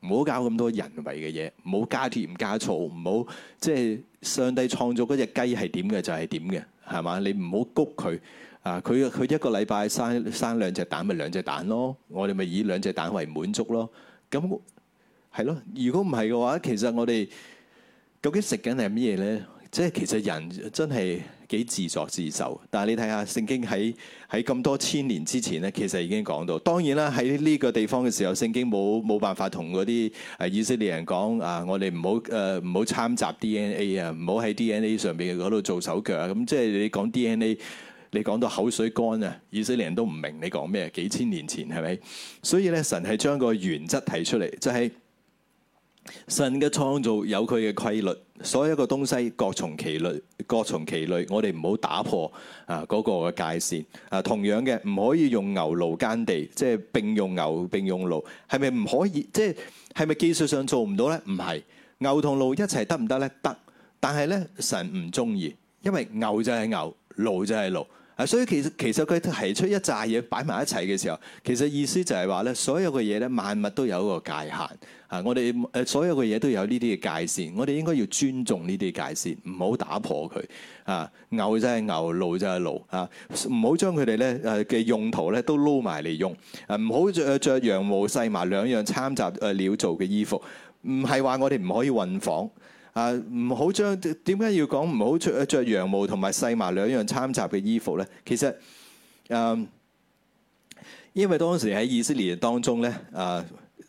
唔好搞咁多人為嘅嘢，唔好加添加醋，唔好即係上帝創造嗰隻雞係點嘅就係點嘅，係嘛？你唔好谷佢啊！佢佢一個禮拜生生兩隻蛋，咪、就是、兩隻蛋咯。我哋咪以兩隻蛋為滿足咯。咁係咯。如果唔係嘅話，其實我哋究竟食緊係乜嘢咧？即係其實人真係幾自作自受，但係你睇下聖經喺喺咁多千年之前咧，其實已經講到。當然啦，喺呢個地方嘅時候，聖經冇冇辦法同嗰啲誒以色列人講啊，我哋唔好誒唔好參雜 D N A 啊，唔好喺 D N A 上邊嗰度做手腳啊。咁即係你講 D N A，你講到口水乾啊，以色列人都唔明你講咩，幾千年前係咪？所以咧，神係將個原則提出嚟，即係。神嘅創造有佢嘅規律，所以一個東西各從其類，各從其類。我哋唔好打破啊嗰個嘅界線。啊，同樣嘅唔可以用牛驢耕地，即係並用牛並用驢，係咪唔可以？即係係咪技術上做唔到呢？唔係牛同驢一齊得唔得呢？得，但係呢，神唔中意，因為牛就係牛，驢就係驢。啊，所以其實其實佢提出一紮嘢擺埋一齊嘅時候，其實意思就係話咧，所有嘅嘢咧，萬物都有一個界限啊！我哋誒所有嘅嘢都有呢啲嘅界線，我哋應該要尊重呢啲界線，唔好打破佢啊！牛真係牛，路就係路啊！唔好將佢哋咧誒嘅用途咧都撈埋嚟用啊！唔好着著羊毛細麻兩樣參雜誒料做嘅衣服，唔係話我哋唔可以混紡。啊，唔好將點解要講唔好著著羊毛同埋細麻兩樣參雜嘅衣服咧？其實，誒、啊，因為當時喺以色列當中咧，啊，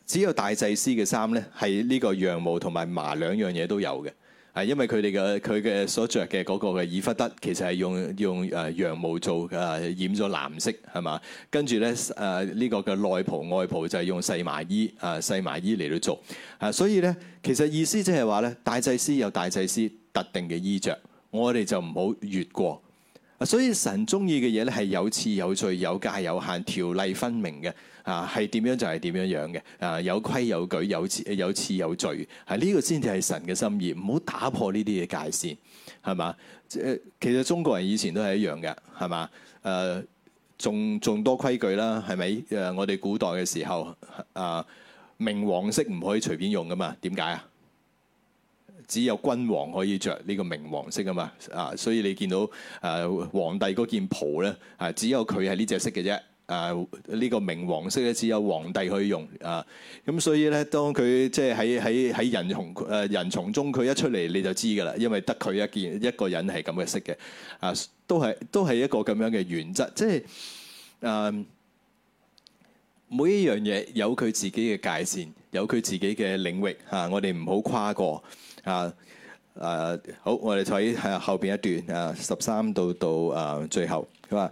只有大祭司嘅衫咧係呢個羊毛同埋麻兩樣嘢都有嘅。係因為佢哋嘅佢嘅所着嘅嗰個嘅以弗得，其實係用用誒羊毛做誒染咗藍色係嘛，跟住咧誒呢個嘅內袍外袍就係用細麻衣啊細麻衣嚟到做，啊，所以咧其實意思即係話咧大祭司有大祭司特定嘅衣着，我哋就唔好越過。所以神中意嘅嘢咧，係有次有序、有界有限、條例分明嘅，啊，係點樣就係點樣樣嘅，啊，有規有矩、有次有次有序，係、這、呢個先至係神嘅心意，唔好打破呢啲嘅界線，係嘛？即係其實中國人以前都係一樣嘅，係嘛？誒、呃，仲仲多規矩啦，係咪？誒，我哋古代嘅時候，誒、呃，明黃色唔可以隨便用㗎嘛，點解啊？只有君王可以着呢、這個明黃色啊嘛啊，所以你見到誒、呃、皇帝嗰件袍咧，啊，只有佢係呢隻色嘅啫。啊、呃，呢、這個明黃色咧，只有皇帝可以用啊。咁、呃、所以咧，當佢即係喺喺喺人從誒、呃、人從中，佢一出嚟你就知㗎啦，因為得佢一件一個人係咁嘅色嘅啊、呃，都係都係一個咁樣嘅原則，即係誒、呃、每一樣嘢有佢自己嘅界線，有佢自己嘅領域嚇、呃。我哋唔好跨過。啊，誒、啊、好，我哋睇下後邊一段，啊十三到到誒、啊、最後，佢話：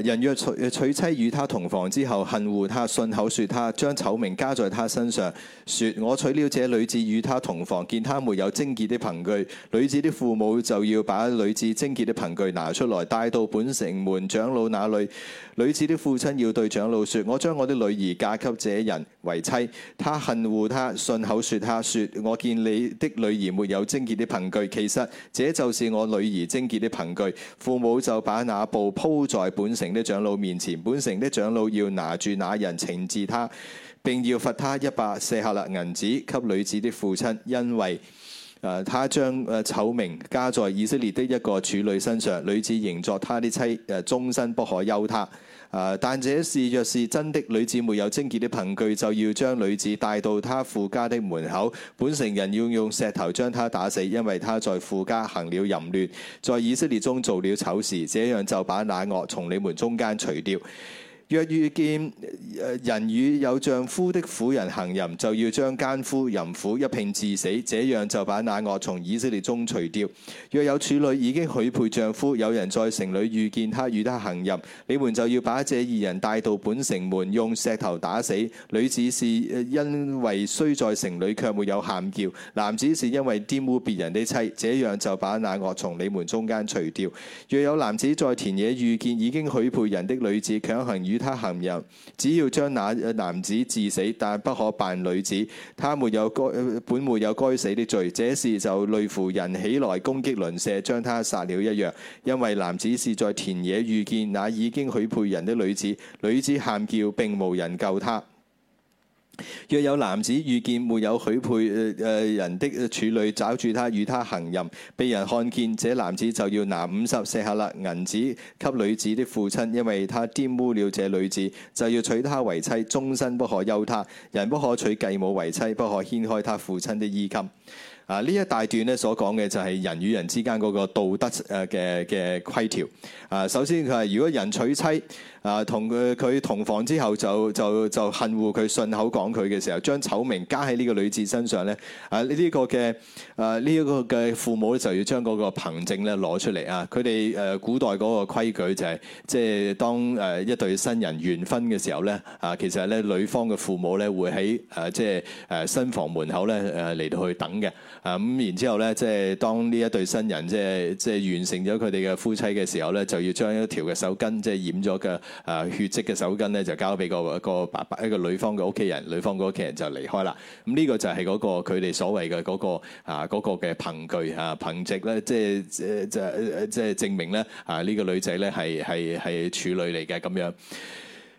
人若娶妻與他同房之後，恨惡他，信口說他，將醜名加在他身上，說我娶了這女子與他同房，見他沒有貞潔的憑據。女子的父母就要把女子貞潔的憑據拿出來，帶到本城門長老那裏，女子的父親要對長老說，我將我的女兒嫁給這人。為妻，他恨惡他，信口説：他説我見你的女兒沒有貞潔的憑據，其實這就是我女兒貞潔的憑據。父母就把那布鋪在本城的長老面前，本城的長老要拿住那人懲治他，並要罰他一百舍客勒銀子給女子的父親，因為誒他將誒醜名加在以色列的一個處女身上，女子仍作他的妻，誒終身不可休他。但這事若是真的，女子沒有貞潔的憑據，就要將女子帶到她父家的門口，本城人要用石頭將她打死，因為她在父家行了淫亂，在以色列中做了醜事，這樣就把那惡從你們中間除掉。若遇見人與有丈夫的婦人行淫，就要將奸夫淫婦一併致死，這樣就把那惡從以色列中除掉。若有處女已經許配丈夫，有人在城裏遇見他與他行淫，你們就要把這二人帶到本城門，用石頭打死。女子是因為雖在城裏卻沒有喊叫，男子是因為玷污別人的妻，這樣就把那惡從你們中間除掉。若有男子在田野遇見已經許配人的女子，強行與，他行人只要將那男子治死，但不可辦女子。他沒有該本沒有該死的罪，這事就類乎人起來攻擊鄰舍，將他殺了一樣。因為男子是在田野遇見那已經許配人的女子，女子喊叫，並無人救他。若有男子遇見沒有許配誒誒人的處女，抓住他與他行淫，被人看見，這男子就要拿五十舍客勒銀子給女子的父親，因為他玷污了這女子，就要娶她為妻，終身不可休她。人不可娶繼母為妻，不可掀開她父親的衣襟。啊，呢一大段咧所講嘅就係人與人之間嗰個道德誒嘅嘅規條。啊，首先佢係如果人娶妻。啊，同佢佢同房之後就就就恨惡佢，順口講佢嘅時候，將醜名加喺呢個女子身上咧。啊、呢個，呢、呢、呢個嘅啊呢一個嘅父母咧就要將嗰個憑證咧攞出嚟啊。佢哋誒古代嗰個規矩就係、係，即係當誒一對新人完婚嘅時候咧，啊其實咧女方嘅父母咧會喺誒即係誒新房門口咧誒嚟到去等嘅。啊咁然之後咧，即係當呢一對新人即係即係完成咗佢哋嘅夫妻嘅時候咧，就要將一條嘅手巾即係染咗嘅。誒，血跡嘅手巾咧就交俾個一個爸爸，一個女方嘅屋企人，女方嗰屋企人就離開啦。咁、這、呢個就係嗰、那個佢哋所謂嘅嗰個、那個、憑、憑啊，個嘅憑據啊，憑藉咧，即係即係即係證明咧啊，呢個女仔咧係係係處女嚟嘅咁樣。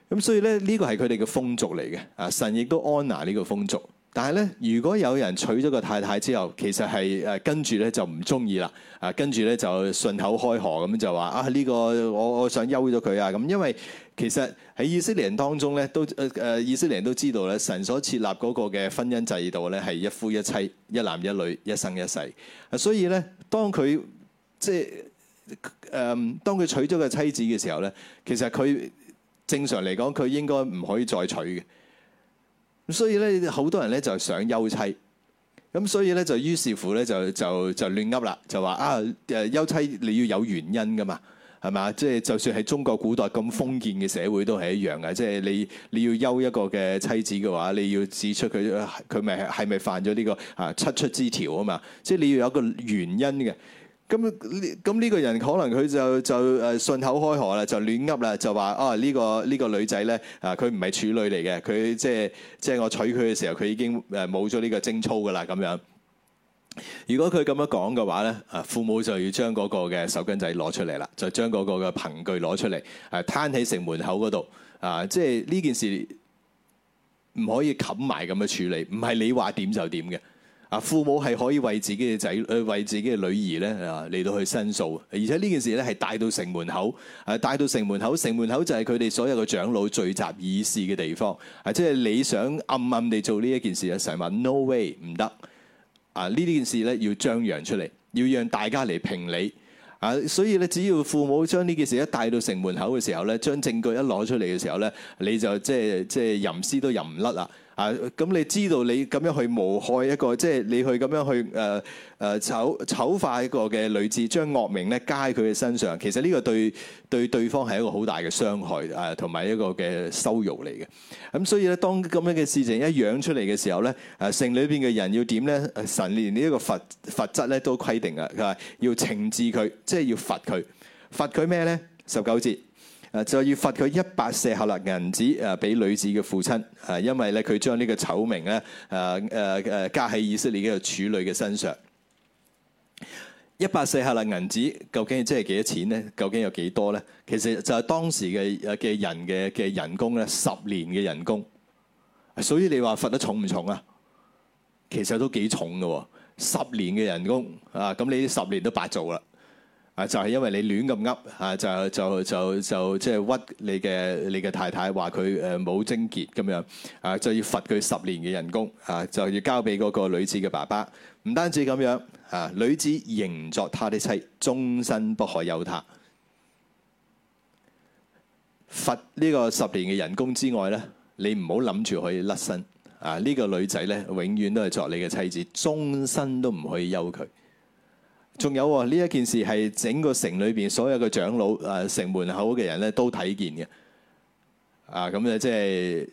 咁所以咧呢、這個係佢哋嘅風俗嚟嘅，啊神亦都安拿呢個風俗。但係咧，如果有人娶咗個太太之後，其實係誒跟住咧就唔中意啦，啊跟住咧就順口開河咁就話啊呢個我我想休咗佢啊咁，因為其實喺以色列人當中咧，都誒誒以色列人都知道咧，神所設立嗰個嘅婚姻制度咧係一夫一妻、一男一女、一生一世。所以咧當佢即係誒當佢娶咗個妻子嘅時候咧，其實佢正常嚟講佢應該唔可以再娶嘅。所以咧，好多人咧就想休妻，咁所以咧就於是乎咧就就就亂噏啦，就話啊誒休妻你要有原因噶嘛，係嘛？即係就算喺中國古代咁封建嘅社會都係一樣嘅，即係你你要休一個嘅妻子嘅話，你要指出佢佢咪係咪犯咗呢個啊七出之條啊嘛，即係你要有一個原因嘅。咁咁呢個人可能佢就就誒順口開河啦，就亂噏啦，就話啊呢個呢個女仔咧啊，佢唔係處女嚟嘅，佢即係即係我娶佢嘅時候，佢已經誒冇咗呢個貞操噶啦咁樣。如果佢咁樣講嘅話咧，啊父母就要將嗰個嘅手巾仔攞出嚟啦，就將嗰個嘅憑據攞出嚟，誒、啊、攤喺城門口嗰度啊！即係呢件事唔可以冚埋咁樣處理，唔係你話點就點嘅。父母係可以為自己嘅仔，誒為自己嘅女兒咧，啊嚟到去申訴，而且呢件事咧係帶到城門口，誒帶到城門口，城門口就係佢哋所有嘅長老聚集議事嘅地方，係即係你想暗暗地做呢一件事，成日 no way 唔得。啊呢啲件事咧要張揚出嚟，要讓大家嚟評理，啊所以咧只要父母將呢件事一帶到城門口嘅時候咧，將證據一攞出嚟嘅時候咧，你就即係即係吟詩都吟唔甩啦。啊，咁你知道你咁樣去誣害一個，即係你去咁樣去誒誒醜醜化一個嘅女子，將惡名咧加喺佢嘅身上。其實呢個對對對方係一個好大嘅傷害啊，同埋一個嘅羞辱嚟嘅。咁所以咧，當咁樣嘅事情一養出嚟嘅時候咧，誒城裏邊嘅人要點咧？神連呢一個罰罰則咧都規定啊，係要懲治佢，即係要罰佢，罰佢咩咧？十九節。誒就要罰佢一百舍客勒銀子，誒俾女子嘅父親，誒因為咧佢將呢個醜名咧誒誒誒加喺以色列嘅處女嘅身上。一百舍客勒銀子究竟係即係幾多錢咧？究竟有幾多咧？其實就係當時嘅嘅人嘅嘅人工咧，十年嘅人工。所以你話罰得重唔重啊？其實都幾重㗎，十年嘅人工啊，咁你十年都白做啦。太太啊！就係因為你亂咁噏，啊就就就就即係屈你嘅你嘅太太，話佢誒冇貞潔咁樣，啊就要罰佢十年嘅人工，啊就要交俾嗰個女子嘅爸爸。唔單止咁樣，啊女子仍作他的妻，終身不可休他。罰呢個十年嘅人工之外咧，你唔好諗住可以甩身。啊呢、這個女仔咧，永遠都係作你嘅妻子，終身都唔可以休佢。仲有喎，呢一件事係整個城裏邊所有嘅長老啊、呃，城門口嘅人咧都睇見嘅。啊，咁咧即係，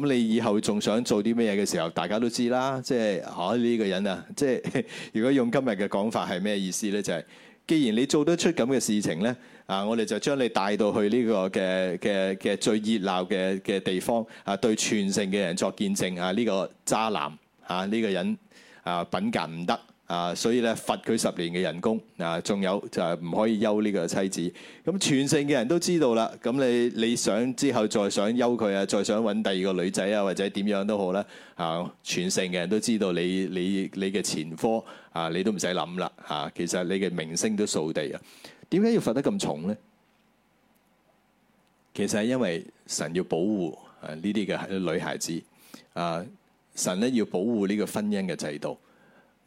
咁你以後仲想做啲咩嘢嘅時候，大家都知啦。即係嚇呢個人啊，即係如果用今日嘅講法係咩意思咧？就係、係，既然你做得出咁嘅事情咧，啊，我哋就將你帶到去呢個嘅嘅嘅最熱鬧嘅嘅地方啊，對全城嘅人作見證啊，呢、呢個渣男啊，呢、呢個人啊品格唔得。啊，所以咧罰佢十年嘅人工啊，仲有就係、是、唔可以休呢個妻子。咁、啊、全城嘅人都知道啦。咁你你想之後再想休佢啊，再想搵第二個女仔啊，或者點樣都好啦。啊，全城嘅人都知道你你你嘅前科啊，你都唔使諗啦嚇。其實你嘅名聲都掃地啊。點解要罰得咁重呢？其實係因為神要保護呢啲嘅女孩子啊，神咧要保護呢個婚姻嘅制度。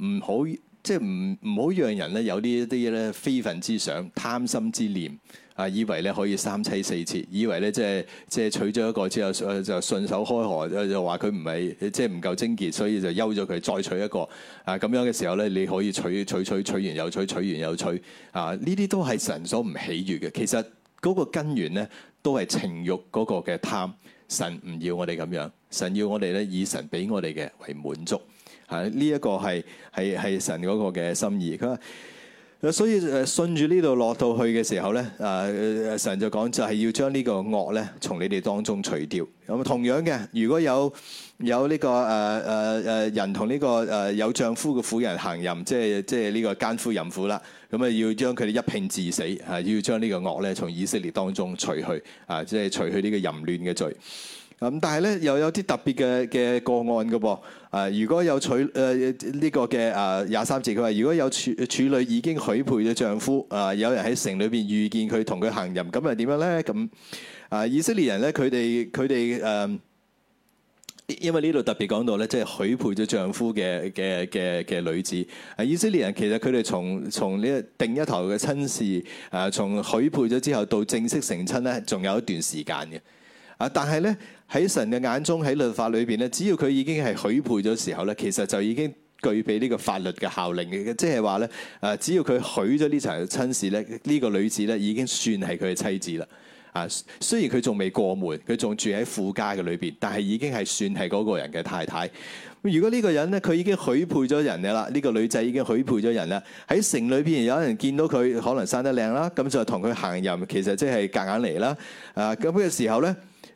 唔好即係唔唔好，好讓人咧有呢一啲咧非分之想、貪心之念啊！以為咧可以三妻四妾，以為咧即係即係娶咗一個之後，就順手開河，就話佢唔係，即係唔夠貞潔，所以就休咗佢，再娶一個啊！咁樣嘅時候咧，你可以娶娶娶娶完又娶，娶完又娶，娶，娶，娶，娶，娶啊！呢啲都係神所唔喜悅嘅。其實嗰個根源咧都係情欲嗰個嘅貪，神唔要我哋咁樣，神要我哋咧以神俾我哋嘅為滿足。啊！呢一個係係係神嗰個嘅心意。佢話：，所以誒順住呢度落到去嘅時候咧，啊神就講就係要將呢個惡咧從你哋當中除掉。咁同樣嘅，如果有有呢個誒誒誒人同呢個誒有丈夫嘅婦人行淫，即係即係呢個奸夫淫婦啦。咁啊要將佢哋一拼致死。啊要將呢個惡咧從以色列當中除去。啊即係除去呢個淫亂嘅罪。咁、嗯、但係咧又有啲特別嘅嘅個案嘅噃，啊、呃、如果有娶誒呢個嘅啊廿三節，佢話如果有處處女已經許配咗丈夫，啊、呃、有人喺城裏邊遇見佢同佢行淫，咁又點樣咧？咁、呃、啊以色列人咧，佢哋佢哋誒，因為呢度特別講到咧，即、就、係、是、許配咗丈夫嘅嘅嘅嘅女子，啊、呃、以色列人其實佢哋從從呢定一頭嘅親事，啊、呃、從許配咗之後到正式成親咧，仲有一段時間嘅。啊！但係咧，喺神嘅眼中，喺律法裏邊咧，只要佢已經係許配咗時候咧，其實就已經具備呢個法律嘅效力嘅。即係話咧，啊，只要佢許咗呢層親事咧，呢個女子咧已經算係佢嘅妻子啦。啊，雖然佢仲未過門，佢仲住喺富家嘅裏邊，但係已經係算係嗰個人嘅太太。如果呢個人咧，佢已經許配咗人嘅啦，呢個女仔已經許配咗人啦，喺城裏邊有人見到佢，可能生得靚啦，咁就同佢行淫，其實即係隔硬嚟啦。啊，咁嘅時候咧。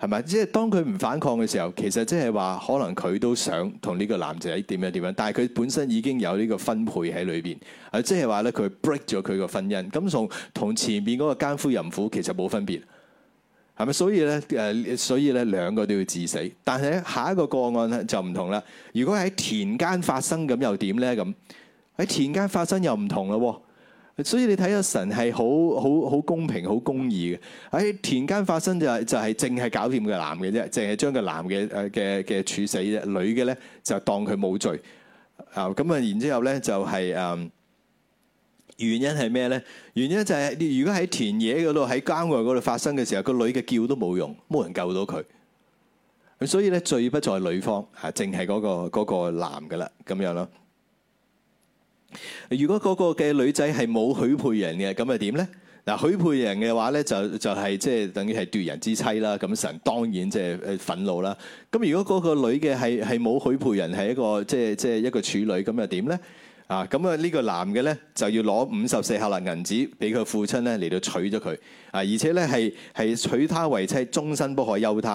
係咪？即係當佢唔反抗嘅時候，其實即係話可能佢都想同呢個男仔點樣點樣，但係佢本身已經有呢個分配喺裏邊啊，即係話咧佢 break 咗佢個婚姻，咁從同前面嗰個奸夫淫婦其實冇分別，係咪？所以咧誒，所以咧兩個都要治死，但係咧下一個個案咧就唔同啦。如果喺田間發生咁又點咧？咁喺田間發生又唔同咯。所以你睇下神係好好好公平好公義嘅，喺田間發生就係就係淨係搞掂個男嘅啫，淨係將個男嘅誒嘅嘅處死啫，女嘅咧就當佢冇罪啊！咁啊，然之後咧就係、是、誒、um，原因係咩咧？原因就係你如果喺田野嗰度喺郊外嗰度發生嘅時候，個女嘅叫都冇用，冇人救到佢。咁所以咧罪不在女方啊，淨係嗰個嗰個男嘅啦，咁樣咯。如果嗰個嘅女仔係冇許配人嘅，咁又點咧？嗱，許配人嘅話咧，就是、就係即係等於係奪人之妻啦。咁神當然即係誒憤怒啦。咁如果嗰個女嘅係係冇許配人，係一個即係即係一個處女，咁又點咧？啊，咁啊呢個男嘅咧就要攞五十舍客勒銀子俾佢父親咧嚟到娶咗佢啊，而且咧係係娶她為妻，終身不可休她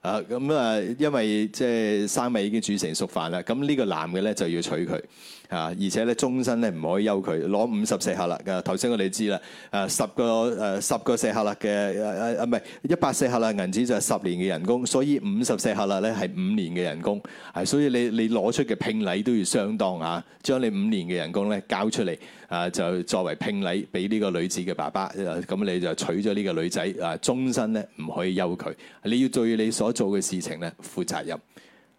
啊。咁啊，因為即係生米已經煮成熟飯啦。咁呢個男嘅咧就要娶佢。啊！而且咧，終身咧唔可以休佢，攞五十四克啦。頭先我哋知啦，誒十個誒十個四克啦嘅誒誒唔係一百四克啦，銀紙就係十年嘅人工，所以五十四克啦咧係五年嘅人工。係，所以你你攞出嘅聘禮都要相當啊，將你五年嘅人工咧交出嚟啊，就作為聘禮俾呢個女子嘅爸爸。咁你就娶咗呢個女仔啊，終身咧唔可以休佢。你要對你所做嘅事情咧負責任。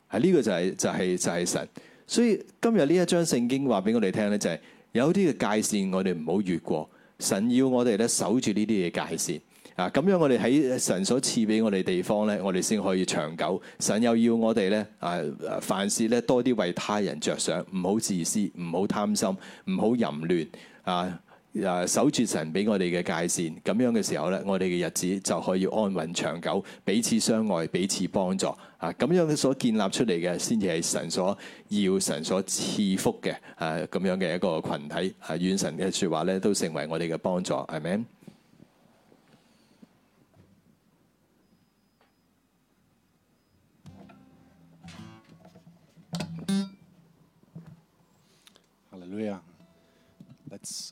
係，呢個就係就係就係神。所以今日呢一章聖經話俾我哋聽咧，就係有啲嘅界線，我哋唔好越過。神要我哋咧守住呢啲嘅界線啊，咁樣我哋喺神所賜俾我哋地方咧，我哋先可以長久。神又要我哋咧啊，凡事咧多啲為他人着想，唔好自私，唔好貪心，唔好淫亂啊。誒守住神俾我哋嘅界線，咁樣嘅時候呢，我哋嘅日子就可以安穩長久，彼此相愛，彼此幫助。啊，咁樣嘅所建立出嚟嘅，先至係神所要、神所賜福嘅。誒，咁樣嘅一個羣體，願神嘅説話呢都成為我哋嘅幫助。阿門。Hallelujah。Let's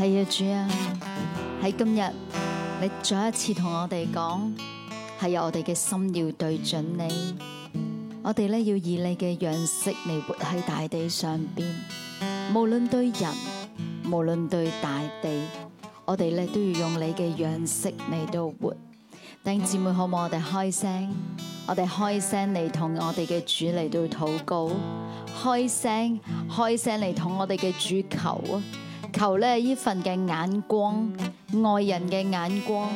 係啊，主啊！喺今日，你再一次同我哋講，係有我哋嘅心要對準你，我哋咧要以你嘅樣式嚟活喺大地上邊。無論對人，無論對大地，我哋咧都要用你嘅樣式嚟到活。弟兄姊妹，可唔可以？我哋開聲？我哋開聲嚟同我哋嘅主嚟到禱告，開聲，開聲嚟同我哋嘅主求啊！求呢份嘅眼光，愛人嘅眼光，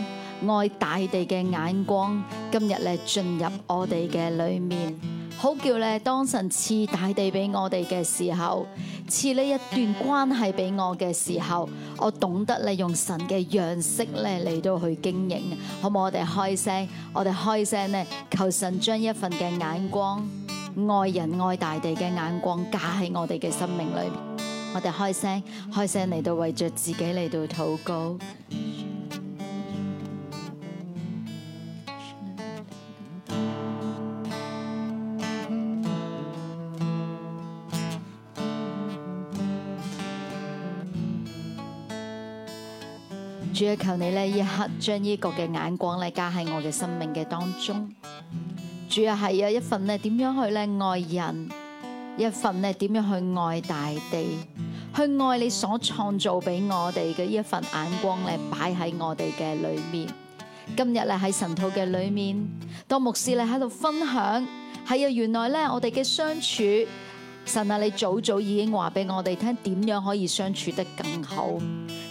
愛大地嘅眼光，今日咧進入我哋嘅裏面，好叫咧當神賜大地俾我哋嘅時候，賜呢一段關係俾我嘅時候，我懂得咧用神嘅樣式咧嚟到去經營，好唔好？我哋開聲，我哋開聲咧，求神將一份嘅眼光，愛人愛大地嘅眼光，加喺我哋嘅生命裏面。我哋開聲，開聲嚟到為着自己嚟到禱告。 *noise* 主要求你呢一刻將呢個嘅眼光咧加喺我嘅生命嘅當中。主要係有一份呢點樣去咧愛人？一份呢點樣去愛大地，去愛你所創造俾我哋嘅一份眼光咧，擺喺我哋嘅裏面。今日咧喺神徒嘅裏面，當牧師咧喺度分享，係啊，原來咧我哋嘅相處，神啊，你早早已經話俾我哋聽，點樣可以相處得更好，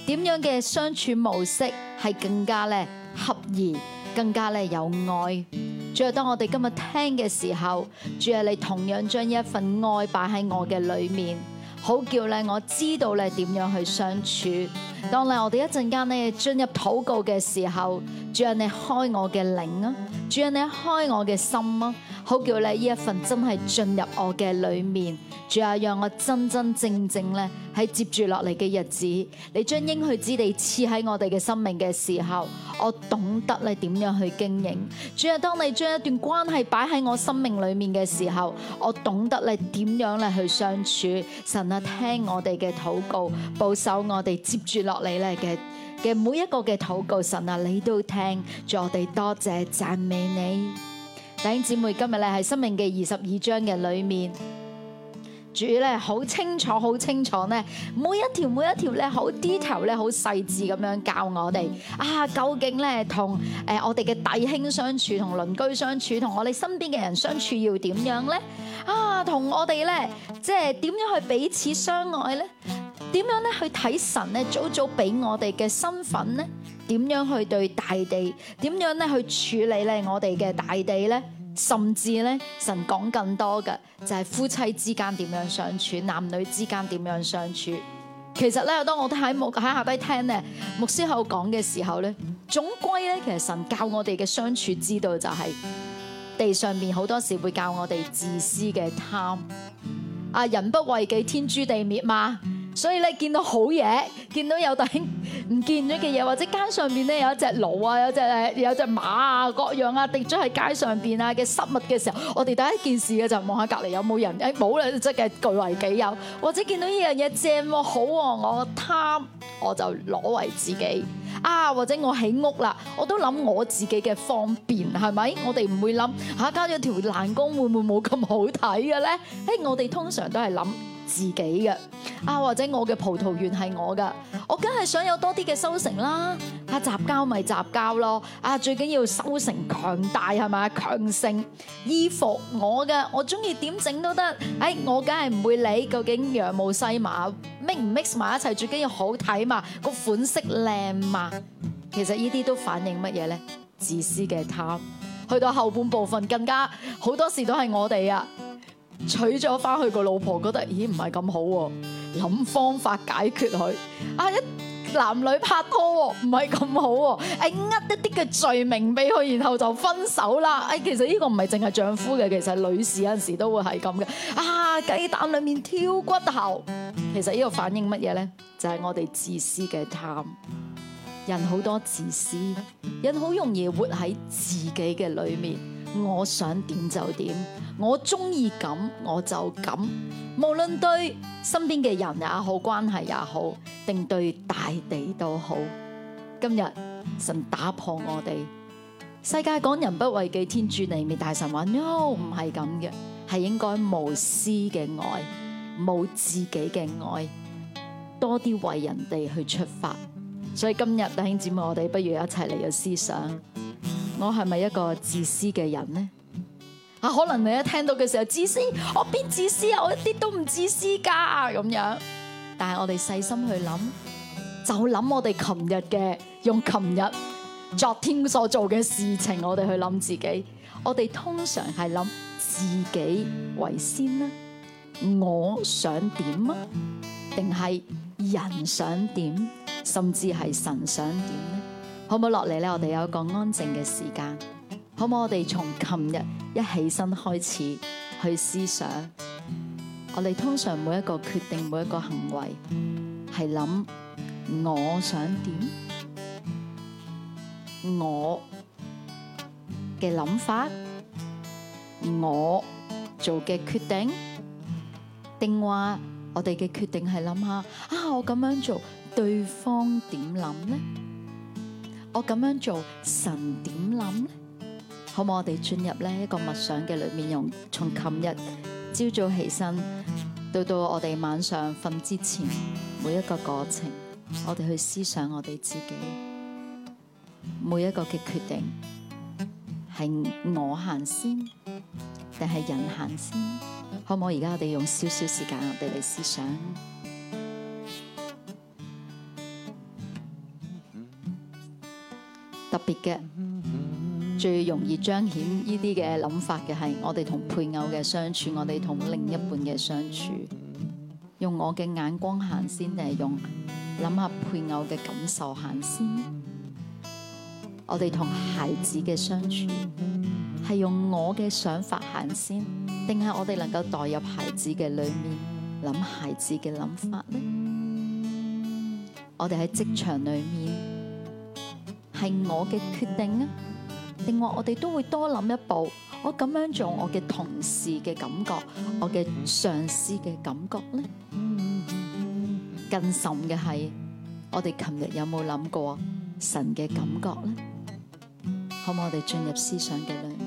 點樣嘅相處模式係更加咧合宜，更加咧有愛。最有，當我哋今日聽嘅時候，主啊，你同樣將一份愛擺喺我嘅裏面，好叫咧我知道咧點樣去相處。當咧我哋一陣間咧進入禱告嘅時候。主啊，你開我嘅靈啊！主啊，你開我嘅心啊！好叫你呢一份真係進入我嘅裏面。主啊，讓我真真正正咧喺接住落嚟嘅日子，你將應許之地賜喺我哋嘅生命嘅時候，我懂得你點樣去經營。主啊，當你將一段關係擺喺我生命裏面嘅時候，我懂得你點樣嚟去相處。神啊，聽我哋嘅禱告，保守我哋接住落嚟咧嘅。嘅每一個嘅禱告，神啊，你都聽，主，我哋多謝讚美你。弟兄姊妹，今日咧係申命記嘅二十二章嘅裏面，主咧好清楚，好清楚咧，每一條每一條咧，好低頭咧，好細緻咁樣教我哋啊，究竟咧，同誒我哋嘅弟兄相處，同鄰居相處，同我哋身邊嘅人相處要點樣咧？啊，同我哋咧，即係點樣去彼此相愛咧？點樣咧去睇神咧？早早俾我哋嘅身份咧，點樣去對大地？點樣咧去處理咧我哋嘅大地咧？甚至咧，神講更多嘅就係夫妻之間點樣相處，男女之間點樣相處？其實咧，當我哋喺喺下低聽咧，牧師口講嘅時候咧，總歸咧，其實神教我哋嘅相處之道就係地上面好多時會教我哋自私嘅貪啊，人不為己，天誅地滅嘛。所以咧，見到好嘢，見到有弟兄唔見咗嘅嘢，或者街上邊咧有一隻驢啊，有隻誒有隻馬啊，各樣啊，跌咗喺街上邊啊嘅失物嘅時候，我哋第一件事嘅就望下隔離有冇人，誒冇咧，即係據為己有，或者見到呢樣嘢正喎好喎，啊，我貪我就攞為自己啊，或者我起屋啦，我都諗我自己嘅方便係咪？我哋唔會諗吓加咗條欄杆會唔會冇咁好睇嘅咧？誒、哎，我哋通常都係諗。自己嘅啊，或者我嘅葡萄園係我嘅，我梗係想有多啲嘅收成啦。啊，雜交咪雜交咯。啊，最緊要收成強大係嘛，強盛衣服我嘅，我中意點整都得。哎，我梗係唔會理會究竟羊毛細麻 mix 唔 mix 埋一齊，最緊要好睇嘛，個款式靚嘛。其實呢啲都反映乜嘢咧？自私嘅貪，去到後半部分更加好多時都係我哋啊。娶咗翻去個老婆，覺得咦唔係咁好喎，諗方法解決佢，啊，一男女拍拖唔係咁好喎，呃、啊，一啲嘅罪名俾佢，然後就分手啦。哎、啊，其實呢個唔係淨係丈夫嘅，其實女士有陣時都會係咁嘅。啊，雞蛋裏面挑骨頭，其實呢個反映乜嘢咧？就係、是、我哋自私嘅貪，人好多自私，人好容易活喺自己嘅裏面。我想點就點，我中意咁我就咁。無論對身邊嘅人也好，關係也好，定對大地都好。今日神打破我哋，世界講人不為己，天誅地滅。大神話：喲、no,，唔係咁嘅，係應該無私嘅愛，冇自己嘅愛，多啲為人哋去出發。所以今日弟兄姊妹，我哋不如一齊嚟嘅思想。我係咪一個自私嘅人呢？啊，可能你一聽到嘅時候自私，我邊自私啊？我一啲都唔自私噶，咁樣。但係我哋細心去諗，就諗我哋琴日嘅用琴日、昨天所做嘅事情，我哋去諗自己。我哋通常係諗自己為先啦，我想點啊？定係人想點，甚至係神想點呢？好唔好落嚟咧？我哋有一個安靜嘅時間，可唔可以我哋從琴日一起身開始去思想？我哋通常每一個決定、每一個行為，係諗我想點，我嘅諗法，我做嘅決定，定話我哋嘅決定係諗下啊，我咁樣做，對方點諗呢？」我咁樣做，神點諗咧？可唔可以我哋進入呢一個默想嘅裏面，用從琴日朝早起身，到到我哋晚上瞓之前每一個過程，我哋去思想我哋自己每一個嘅決定，係我行先，定係人行先？可唔可以而家我哋用少少時間，我哋嚟思想？特別嘅，最容易彰顯呢啲嘅諗法嘅係我哋同配偶嘅相處，我哋同另一半嘅相處，用我嘅眼光行先定係用諗下配偶嘅感受行先？我哋同孩子嘅相處係用我嘅想法行先，定係我哋能夠代入孩子嘅裡面諗孩子嘅諗法呢？我哋喺職場裡面。係我嘅決定啊！另外，我哋都會多諗一步。我咁樣做，我嘅同事嘅感覺，我嘅上司嘅感覺咧。更甚嘅係，我哋琴日有冇諗過神嘅感覺咧？可唔可以我哋進入思想嘅領域？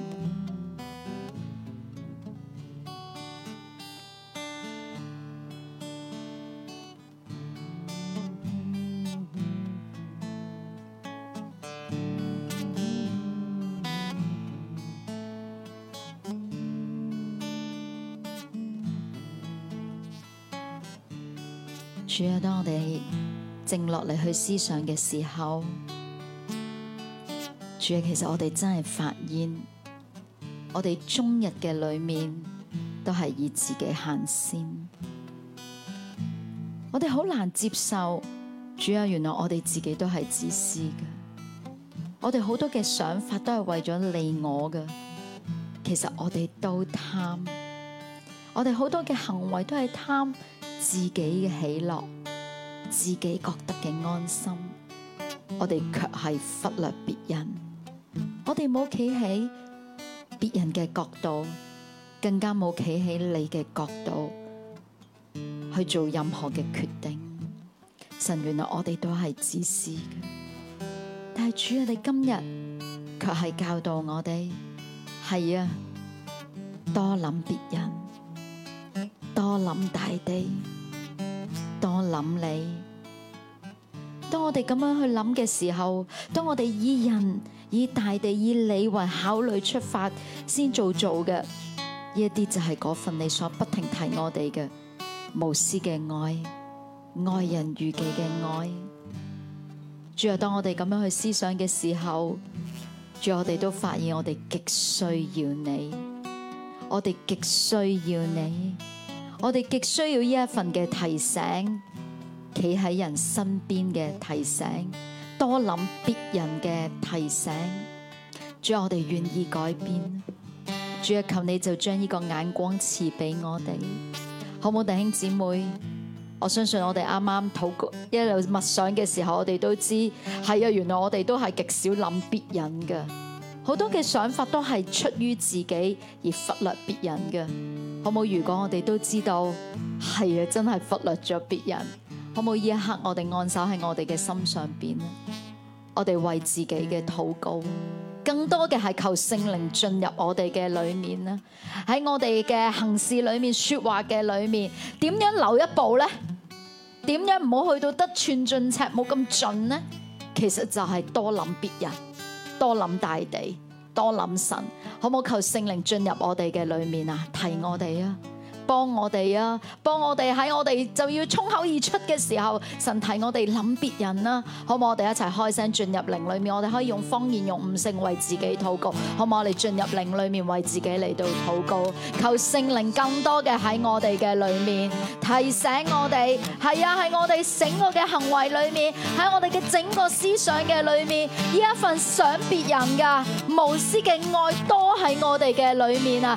靜落嚟去思想嘅時候，主啊，其實我哋真係發現，我哋終日嘅裏面都係以自己行先，我哋好難接受，主啊，原來我哋自己都係自私嘅，我哋好多嘅想法都係為咗利我嘅，其實我哋都貪，我哋好多嘅行為都係貪自己嘅喜樂。自己覺得嘅安心，我哋卻係忽略別人。我哋冇企喺別人嘅角度，更加冇企喺你嘅角度去做任何嘅決定。神，原來我哋都係自私嘅，但係主啊，你今日卻係教導我哋，係啊，多諗別人，多諗大地。當我諗你，當我哋咁樣去諗嘅時候，當我哋以人、以大地、以你為考慮出發先做做嘅，呢一啲就係嗰份你所不停提我哋嘅無私嘅愛、愛人如己嘅愛。主啊，當我哋咁樣去思想嘅時候，主，我哋都發現我哋極需要你，我哋極需要你。我哋極需要呢一份嘅提醒，企喺人身邊嘅提醒，多諗別人嘅提醒。主要我哋願意改變。主要求你就將呢個眼光賜俾我哋，好冇弟兄姊妹？我相信我哋啱啱禱告一路默想嘅時候，我哋都知係啊，原來我哋都係極少諗別人㗎。好多嘅想法都係出於自己而忽略別人嘅，可唔可以如果我哋都知道係啊，真係忽略咗別人，可唔可以呢一刻我哋按手喺我哋嘅心上邊咧，我哋為自己嘅禱告，更多嘅係求聖靈進入我哋嘅裏面咧，喺我哋嘅行事裏面，說話嘅裏面，點樣留一步咧？點樣唔好去到得寸進尺，冇咁盡咧？其實就係多諗別人。多諗大地，多諗神，可唔可求聖靈進入我哋嘅裏面啊？提我哋啊！幫我哋啊！幫我哋，喺我哋就要衝口而出嘅時候，神提我哋諗別人啦，可唔可以我哋一齊開聲進入靈裏面？我哋可以用方言用悟性為自己禱告，可唔可以我哋進入靈裏面為自己嚟到禱告？求聖靈更多嘅喺我哋嘅裏面提醒我哋，係啊，喺我哋醒我嘅行為裏面，喺我哋嘅整個思想嘅裏面，呢一份想別人噶無私嘅愛，多喺我哋嘅裏面啊！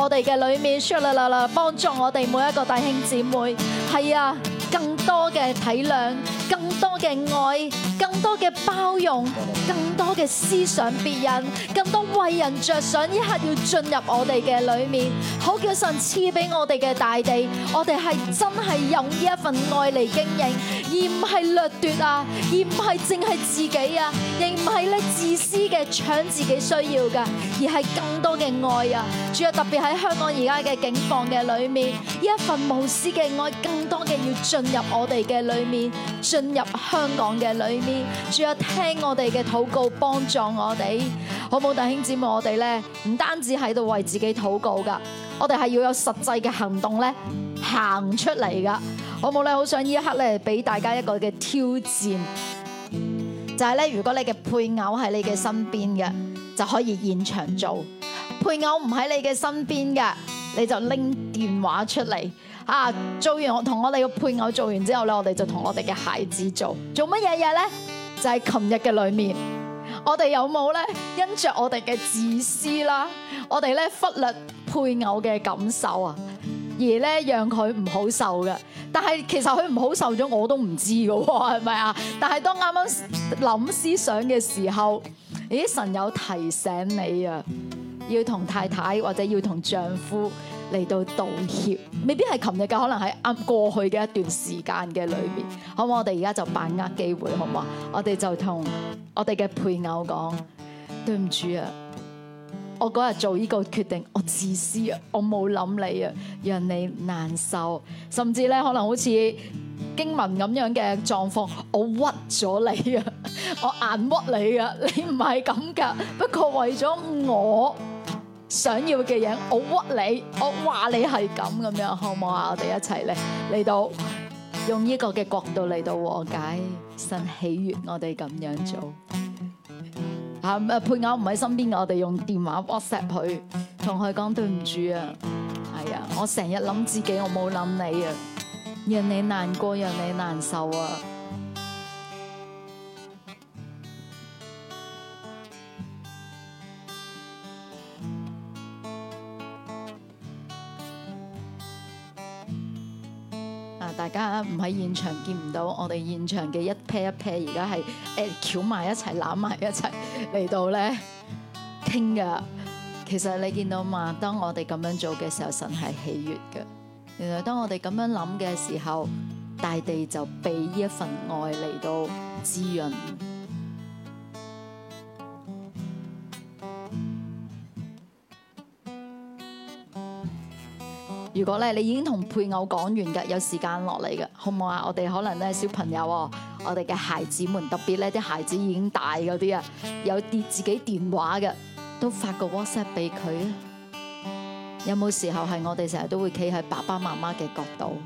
我哋嘅裏面出嚟啦啦，幫助我哋每一個弟兄姊妹，係啊，更多嘅體諒，更多嘅愛，更多嘅包容，更多嘅思想別人，更多為人着想，一刻要進入我哋嘅裏面，好叫神賜俾我哋嘅大地，我哋係真係用呢一份愛嚟經營，而唔係掠奪啊，而唔係淨係自己啊，亦唔係咧自私嘅搶自己需要噶，而係更多嘅愛啊，主要特別係。喺香港而家嘅境況嘅裏面，一份無私嘅愛，更多嘅要進入我哋嘅裏面，進入香港嘅裏面。仲有聽我哋嘅禱告，幫助我哋，好冇？弟兄姊妹，我哋咧唔單止喺度為自己禱告噶，我哋係要有實際嘅行動咧行出嚟噶。好冇咧，好想呢一刻咧俾大家一個嘅挑戰，就係咧如果你嘅配偶喺你嘅身邊嘅。就可以現場做，配偶唔喺你嘅身邊嘅，你就拎電話出嚟啊！做完我同我哋嘅配偶做完之後咧，我哋就同我哋嘅孩子做，做乜嘢嘢咧？就係琴日嘅裏面，我哋有冇咧因着我哋嘅自私啦，我哋咧忽略配偶嘅感受啊，而咧讓佢唔好受嘅。但係其實佢唔好受咗，我都唔知㗎喎，係咪啊？但係當啱啱諗思想嘅時候。而啲神有提醒你啊，要同太太或者要同丈夫嚟到道歉，未必係琴日嘅，可能係啱過去嘅一段時間嘅裏面，好唔好？我哋而家就把握機會，好唔好？我哋就同我哋嘅配偶講，對唔住啊，我嗰日做呢個決定，我自私啊，我冇諗你啊，讓你難受，甚至咧可能好似。經文咁樣嘅狀況，我屈咗你啊，我硬屈你啊，你唔係咁噶，不過為咗我想要嘅嘢，我屈你，我話你係咁咁樣，好唔好啊？我哋一齊嚟嚟到用呢個嘅角度嚟到和解，神喜悅我哋咁樣做。吓，誒，配偶唔喺身邊，我哋用電話 WhatsApp 佢，同佢講對唔住啊，係啊，我成日諗自己，我冇諗你啊。讓你難過，讓你難受啊！啊，大家唔喺現場見唔到我哋現場嘅一 pair 一 pair，而家係誒，翹埋一齊，攬埋一齊嚟到咧傾嘅。其實你見到嘛？當我哋咁樣做嘅時候，神係喜悦嘅。原來當我哋咁樣諗嘅時候，大地就俾呢一份愛嚟到滋潤。如果咧你已經同配偶講完嘅，有時間落嚟嘅，好唔好啊？我哋可能咧小朋友，我哋嘅孩子們，特別咧啲孩子已經大嗰啲啊，有跌自己電話嘅，都發個 WhatsApp 俾佢啊！有冇時候係我哋成日都會企喺爸爸媽媽嘅角度，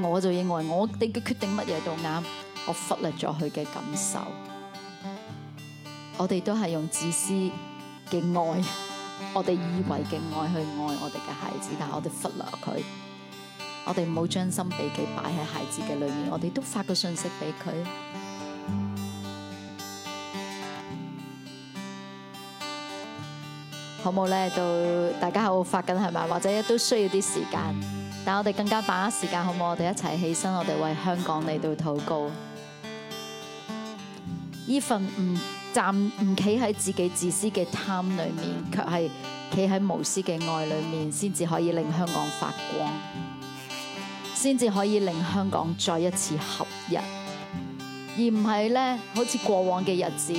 我就認為我哋嘅決定乜嘢都啱，我忽略咗佢嘅感受。我哋都係用自私嘅愛，我哋以為嘅愛去愛我哋嘅孩子，但係我哋忽略佢。我哋唔好將心比己擺喺孩子嘅裏面，我哋都發個信息俾佢。好冇咧？到大家喺度發緊係咪？或者都需要啲時間，但我哋更加把握時間，好冇？我哋一齊起身，我哋為香港嚟到禱告。呢份唔站唔企喺自己自私嘅貪裏面，卻係企喺無私嘅愛裏面，先至可以令香港發光，先至可以令香港再一次合一，而唔係咧好似過往嘅日子，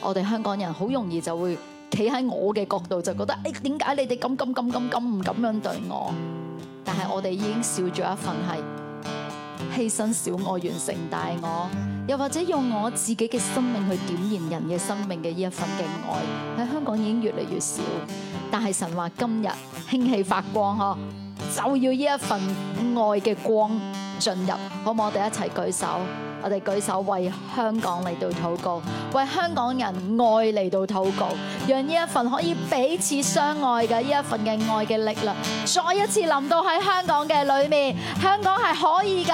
我哋香港人好容易就會。企喺我嘅角度就覺得，誒，點解你哋咁咁咁咁咁唔咁樣對我？但係我哋已經少咗一份係犧牲小我完成大我，又或者用我自己嘅生命去點燃人嘅生命嘅呢一份嘅愛，喺香港已經越嚟越少。但係神話今日興起發光呵，就要呢一份愛嘅光進入，好唔好？我哋一齊舉手？我哋舉手為香港嚟到禱告，為香港人愛嚟到禱告，讓呢一份可以彼此相愛嘅呢一份嘅愛嘅力量，再一次臨到喺香港嘅裏面。香港係可以㗎，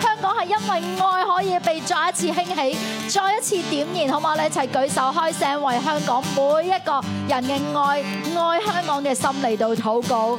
香港係因為愛可以被再一次興起，再一次點燃。好唔好咧？一齊舉手開聲，為香港每一個人嘅愛、愛香港嘅心嚟到禱告。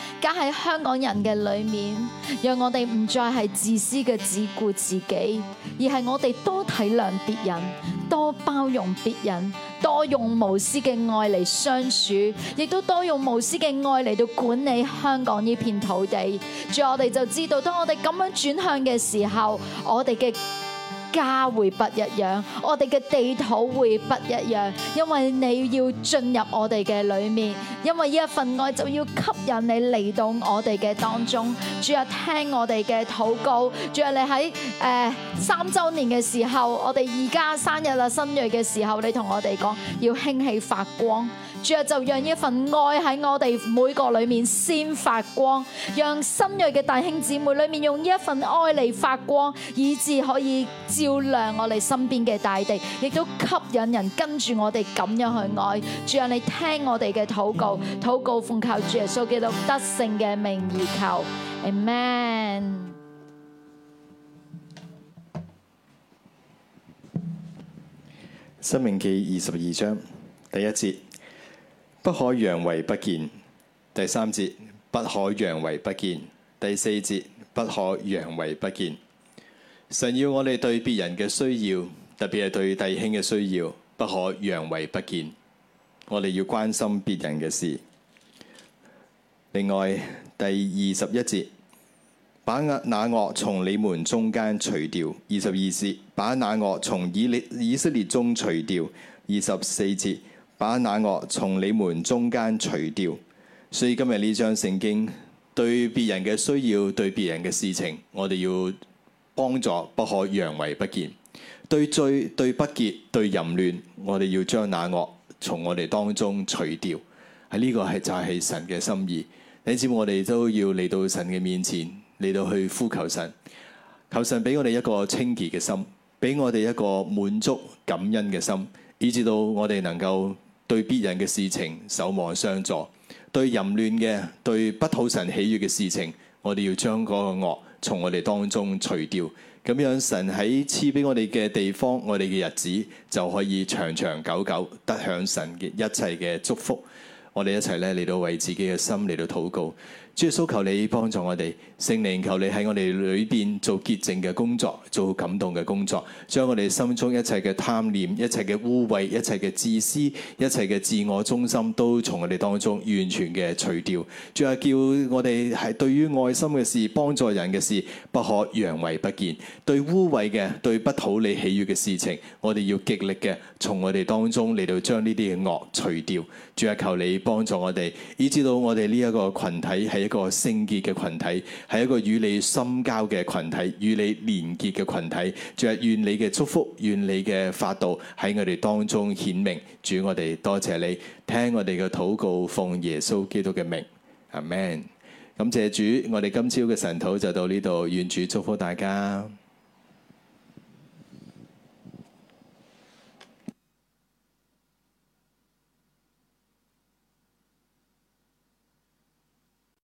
家喺香港人嘅裏面，讓我哋唔再係自私嘅只顧自己，而係我哋多體諒別人，多包容別人，多用無私嘅愛嚟相處，亦都多用無私嘅愛嚟到管理香港呢片土地。最後我哋就知道，當我哋咁樣轉向嘅時候，我哋嘅。家會不一樣，我哋嘅地圖會不一樣，因為你要進入我哋嘅裏面，因為呢一份愛就要吸引你嚟到我哋嘅當中。主要聽我哋嘅禱告，主啊，你喺誒三周年嘅時候，我哋而家生日啦，新月嘅時候，你同我哋講要興起發光。主啊，就讓依一份愛喺我哋每個裏面先發光，讓新約嘅弟兄姊妹裏面用依一份愛嚟發光，以致可以照亮我哋身邊嘅大地，亦都吸引人跟住我哋咁樣去愛。主啊，你聽我哋嘅禱告，禱告奉靠主耶穌基督得勝嘅名而求，Amen。申命記二十二章第一節。不可揚為不見，第三節不可揚為不見，第四節不可揚為不見。神要我哋對別人嘅需要，特別係對弟兄嘅需要，不可揚為不見。我哋要關心別人嘅事。另外第二十一節，把那惡從你們中間除掉；二十二節，把那惡從以色列中除掉；二十四節。把那惡從你們中間除掉，所以今日呢章聖經對別人嘅需要、對別人嘅事情，我哋要幫助，不可佯為不見。對罪、對不潔、對淫亂，我哋要將那惡從我哋當中除掉。喺、這、呢個係就係神嘅心意。你知唔知我哋都要嚟到神嘅面前，嚟到去呼求神，求神俾我哋一個清潔嘅心，俾我哋一個滿足感恩嘅心，以至到我哋能夠。對別人嘅事情守望相助，對淫亂嘅、對不討神喜悦嘅事情，我哋要將嗰個惡從我哋當中除掉。咁樣，神喺賜俾我哋嘅地方，我哋嘅日子就可以長長久久得享神嘅一切嘅祝福。我哋一齊咧嚟，到為自己嘅心嚟到禱告。主耶穌求你幫助我哋，聖靈求你喺我哋裏邊做潔淨嘅工作，做感動嘅工作，將我哋心中一切嘅貪念、一切嘅污穢、一切嘅自私、一切嘅自我中心，都從我哋當中完全嘅除掉。仲係叫我哋係對於愛心嘅事、幫助人嘅事，不可佯為不見；對污穢嘅、對不討你喜悦嘅事情，我哋要極力嘅從我哋當中嚟到將呢啲嘅惡除掉。仲係求你幫助我哋，以至到我哋呢一個群體係。一個聖潔嘅群體，係一個與你深交嘅群體，與你連結嘅群體。主啊，願你嘅祝福，願你嘅法度喺我哋當中顯明。主，我哋多謝你，聽我哋嘅禱告，奉耶穌基督嘅名，阿門，感謝主，我哋今朝嘅神禱就到呢度。願主祝福大家。